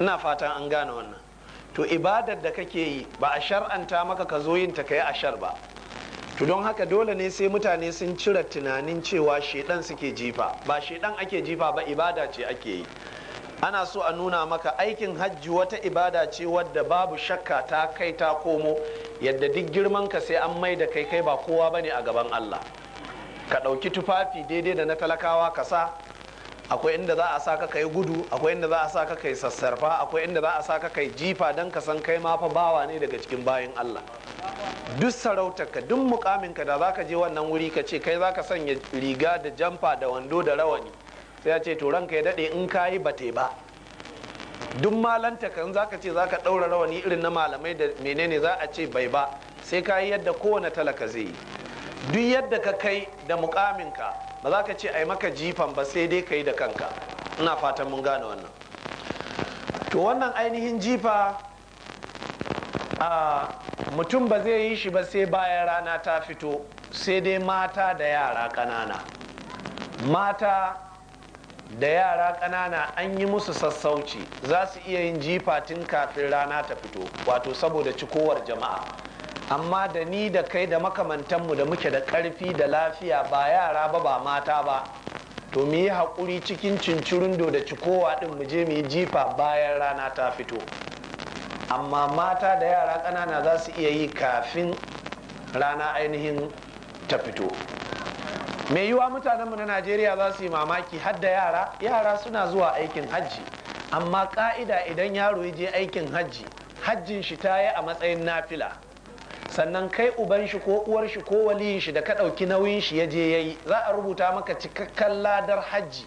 ina fatan an gane wannan to ibadar da kake yi ba a shar'anta maka ka zo yin ta kai shar ba to don haka dole ne sai mutane sun cire tunanin cewa shaidan suke jifa ba shaidan ake jifa ba ibada ce ake yi ana so a nuna maka aikin hajji wata ibada ce wadda babu shakka ta kai ta komo yadda duk girman ka sai an mai da kai kai ba kowa ba ne a gaban Allah ka ɗauki tufafi daidai da na talakawa ka sa akwai inda za a sa ka kai gudu akwai inda za a sa ka kai sassarfa akwai inda za a sa ka kai jifa don ka san kai ma fa bawa ne daga cikin bayan Allah duk sarautarka duk mukaminka da za ka je wannan wuri ka ce kai za ka sanya riga da jamfa da wando da rawani sai ya ce to ranka ya daɗe in kayi yi ba te ba duk malanta kan zaka ce zaka ɗaura rawani irin na malamai da menene za a ce bai ba sai ka yi yadda kowane talaka zai yi duk yadda ka kai da mukaminka ba za ka ce ai maka jifan ba sai dai ka yi da kanka ina fatan mun gane wannan to wannan ainihin jifa a mutum ba zai yi shi ba sai bayan rana ta fito sai dai mata da yara ƙanana mata da yara ƙanana an yi musu sassauci za su iya yin jifa tun kafin rana ta fito wato saboda cikowar jama'a amma da ni da kai da makamantanmu da muke da ƙarfi da lafiya ba yara ba ba mata ba to mu yi haƙuri cikin cincirindo da cikowa ɗin mu je mu yi jifa bayan rana ta fito amma mata da yara ƙanana za su iya yi kafin rana ainihin ta fito mai yiwa mutanenmu na najeriya za su yi mamaki har da yara yara suna zuwa aikin hajji amma ka'ida idan yaro ya je aikin hajji hajjin shi ta yi a matsayin nafila sannan kai uban shi ko uwar shi ko waliyin shi da ka ɗauki nauyin shi ya je ya yi za a rubuta maka cikakken ladar hajji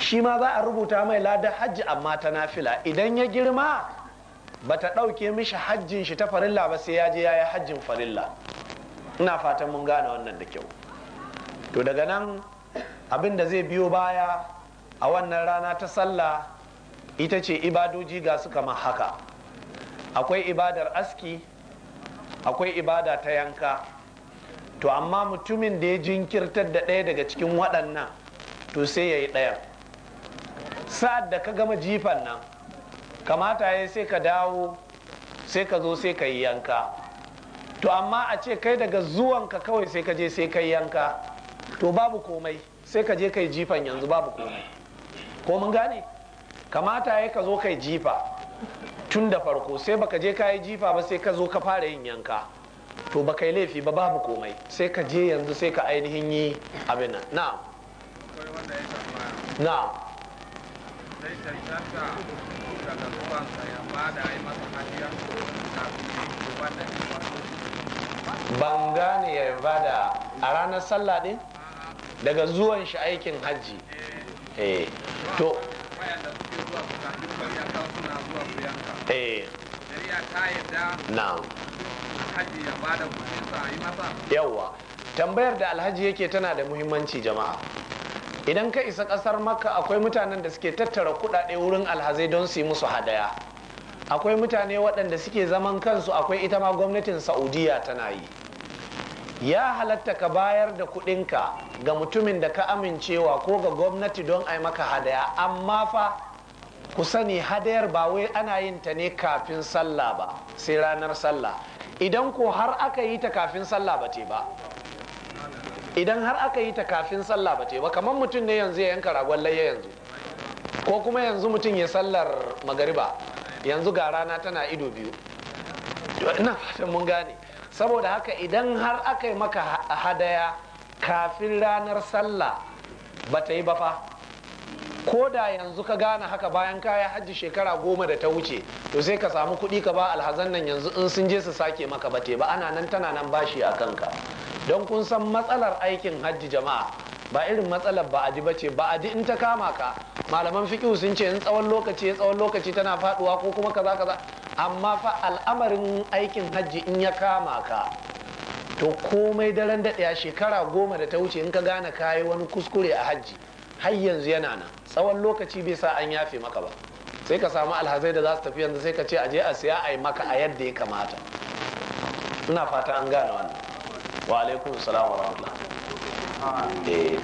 shi ma za a rubuta mai ladar hajji amma ta nafila idan ya girma bata ɗauke mishi hajjin shi ta farilla ba sai ya je ya yi hajjin farilla ina fatan mun gane wannan da kyau to daga nan abin da zai biyo baya a wannan rana ta sallah ita ce ibadoji ga su kamar haka akwai ibadar aski akwai ibada ta yanka to amma mutumin da ya jinkirtar da ɗaya daga cikin waɗannan to sai ya yi ɗaya sa'ad da ka gama jifan nan kamata ya sai ka dawo sai ka zo sai ka yi yanka to amma a ce kai daga zuwanka kawai sai ka je sai ka yi yanka to babu komai sai ka je kai jifan yanzu babu komai ko mun gane kamata ya ka zo kai jifa tun da farko sai baka je kai jifa ba sai ka zo ka fara yin yanka to ba kai laifi ba babu komai sai ka je yanzu sai ka ainihin yi abin nan na. Na. ban gane ya bada a ranar sallah din daga zuwan shi aikin hajji eh to eh yawa tambayar da alhaji yake tana da muhimmanci jama'a idan ka isa kasar makka akwai mutanen da suke tattara kudade wurin alhazai don su yi musu hadaya akwai mutane waɗanda suke zaman kansu akwai ita ma gwamnatin saudiya tana yi ya halatta ka bayar da kuɗinka ga mutumin da ka amincewa ko ga gwamnati don a yi maka hadaya amma fa ku sani hadayar ba wai ana yin ta ne kafin sallah ba sai ranar sallah idan ko har aka yi ta kafin sallah ba te ba idan har aka yi ta kafin sallah ba te ba kamar mutum ne yanzu ya yanka ragon laye yanzu ko kuma yanzu mutum ya sallar magariba yanzu ga rana tana ido biyu mun gane saboda haka idan har aka yi maka hadaya kafin ranar sallah ba ta yi ba fa ko da yanzu ka gane haka bayan kaya hajji shekara goma da ta wuce to sai ka samu kuɗi ka ba alhazan nan yanzu in sun je su sake maka ba ba ana nan tana nan bashi a kanka don kun san matsalar aikin hajji jama'a ba irin matsalar ba'adi ba ce ba'adi in ta kama ka malaman fiqh sun ce in tsawon lokaci tsawon lokaci tana faduwa ko kuma kaza kaza amma fa al'amarin aikin hajji in ya kama ka to komai daren a shekara goma da ta wuce in ka gane kayi wani kuskure a hajji har yanzu yana nan tsawon lokaci bai sa an yafe maka ba sai ka samu alhazai da za su tafi yanzu sai ka ce a je a siya a yi maka a yadda ya kamata ina fata an gane wannan wa alaikum salam wa rahmatullah eh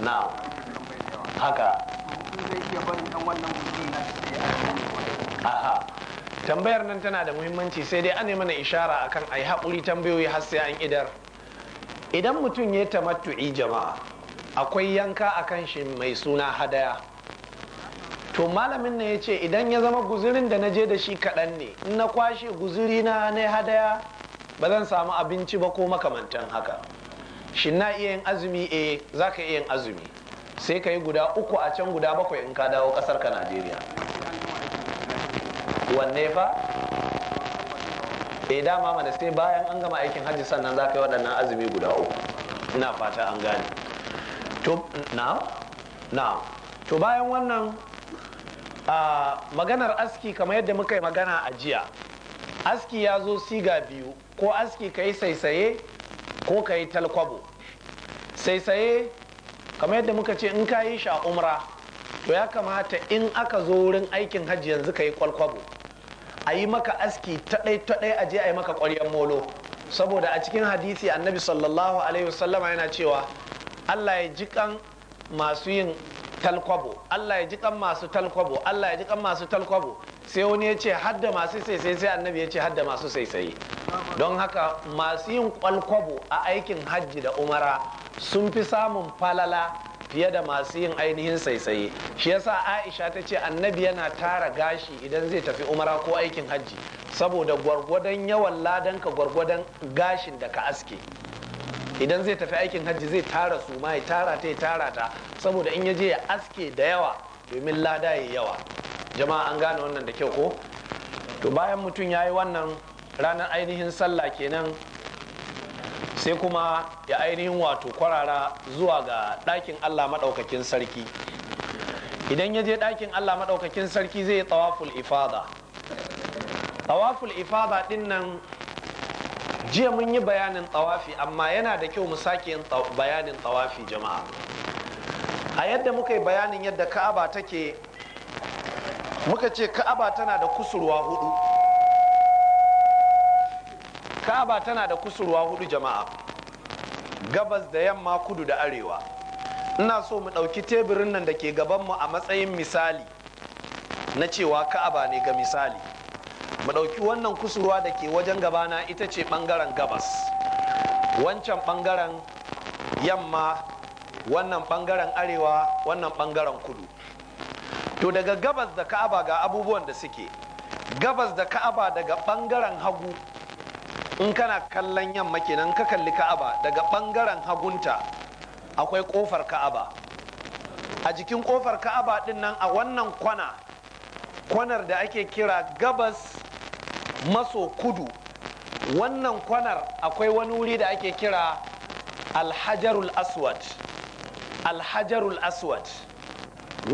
na haka tambayar nan tana da muhimmanci sai dai ane mana ishara akan ai haƙuri tambayoyi har sai an idar idan mutum ya tamattu'i jama'a akwai yanka akan shi mai suna hadaya to malamin ne ya ce idan ya zama guzurin da na je da shi kaɗan ne in na kwashe guzuri na na hadaya ba zan samu abinci ba ko makamantan haka shin na iya yin azumi e za ka iya yin azumi sai ka yi guda uku a can guda bakwai in ka dawo ƙasar ka najeriya wanne fa e dama mana sai bayan an gama aikin hajji sannan za ka yi waɗannan azumi guda uku ina fata an gane to na to bayan wannan a maganar aski kamar yadda muka yi magana a jiya aski ya zo siga biyu ko aski ka yi saisaye ko ka yi talkwabo saisaye kamar yadda muka ce in ka yi sha umra to ya kamata in aka zo wurin aikin hajji yanzu ka yi kwalkwabo a yi maka aski taɗai-taɗai a je a yi maka ƙwaryen molo saboda a cikin hadisi annabi sallallahu alaihi wasallama yana cewa allah ya jikan masu yin talkwabo Allah ya ji kan masu talkwabo Allah ya ji kan masu talkwabo sai wani ya ce hadda masu sai sai annabi ya ce hadda masu sai don haka masu yin kwalkwabo a aikin hajji da umara sun fi samun falala fiye da masu yin ainihin saisaye shi yasa aisha ta ce annabi yana tara gashi idan zai tafi umara ko aikin hajji saboda gwargwadon yawan ladanka gwargwadon gashin da ka aske idan zai tafi aikin hajji zai tara su ma ya tara ta ya tara ta saboda in ya je ya aske da yawa domin lada ya yawa jama'a an gane wannan da kyau ko to bayan mutum ya yi wannan ranar ainihin sallah kenan sai kuma ya ainihin wato kwarara zuwa ga ɗakin allah maɗaukakin sarki idan ya je ɗakin allah maɗaukakin sarki zai yi tsawaful ifada tsawaful ifada ɗin nan jiya mun yi bayanin tsawafi amma yana da kyau mu sake yin bayanin tsawafi jama'a a yadda muka yi bayanin yadda ka'aba take muka ce ka'aba tana da kusurwa hudu ka'aba tana da kusurwa hudu jama'a gabas da yamma kudu da arewa ina so mu ɗauki teburin nan da ke gabanmu a matsayin misali na cewa ka'aba ne ga misali mu ɗauki wannan kusurwa da ke wajen gabana ita ce ɓangaren gabas wancan ɓangaren yamma wannan ɓangaren arewa wannan ɓangaren kudu to daga gabas da ka'aba ga abubuwan da suke gabas da ka'aba daga ɓangaren hagu in kana kallon yamma kenan ka kalli ka'aba daga ɓangaren hagunta akwai ƙofar ka'aba a jikin ƙofar ka'aba ɗin nan a wannan kwana kwanar da ake kira gabas maso kudu wannan kwanar akwai wani wuri da ake kira alhajarul aswad alhajarul aswad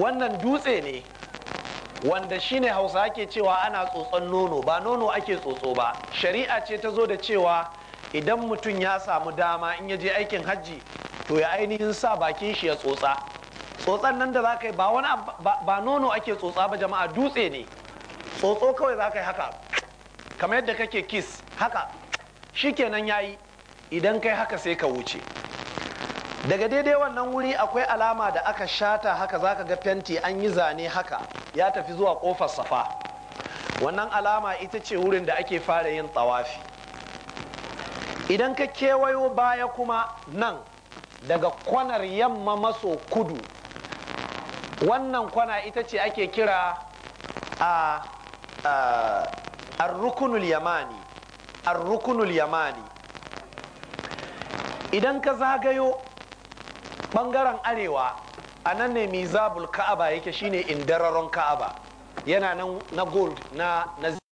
wannan dutse ne wanda shine hausa ake cewa ana tsotson nono ba nono ake tsotso ba shari'a ce ta zo da cewa idan mutum ya samu dama in ya je aikin hajji to ya ainihin sa bakin shi ya tsotsa tsotsan nan da za ka yi ba nono ake tsotsa ba jama'a dutse ne tsotso kawai za ka yi haka kamar yadda kake kiss haka shikenan yayi idan kai haka sai ka wuce daga daidai wannan wuri akwai alama da aka shata haka zaka ga fenti an yi zane haka ya tafi zuwa kofar safa wannan alama ita ce wurin da ake fara yin tsawafi idan ka kewayo baya kuma nan daga kwanar yamma maso kudu wannan kwana ita ce ake kira a ar-rukunul yamani ar yamani idan ka zagayo bangaren arewa a nan ne mizabul ka'aba yake shine indararon ka'aba yana nan na gold na na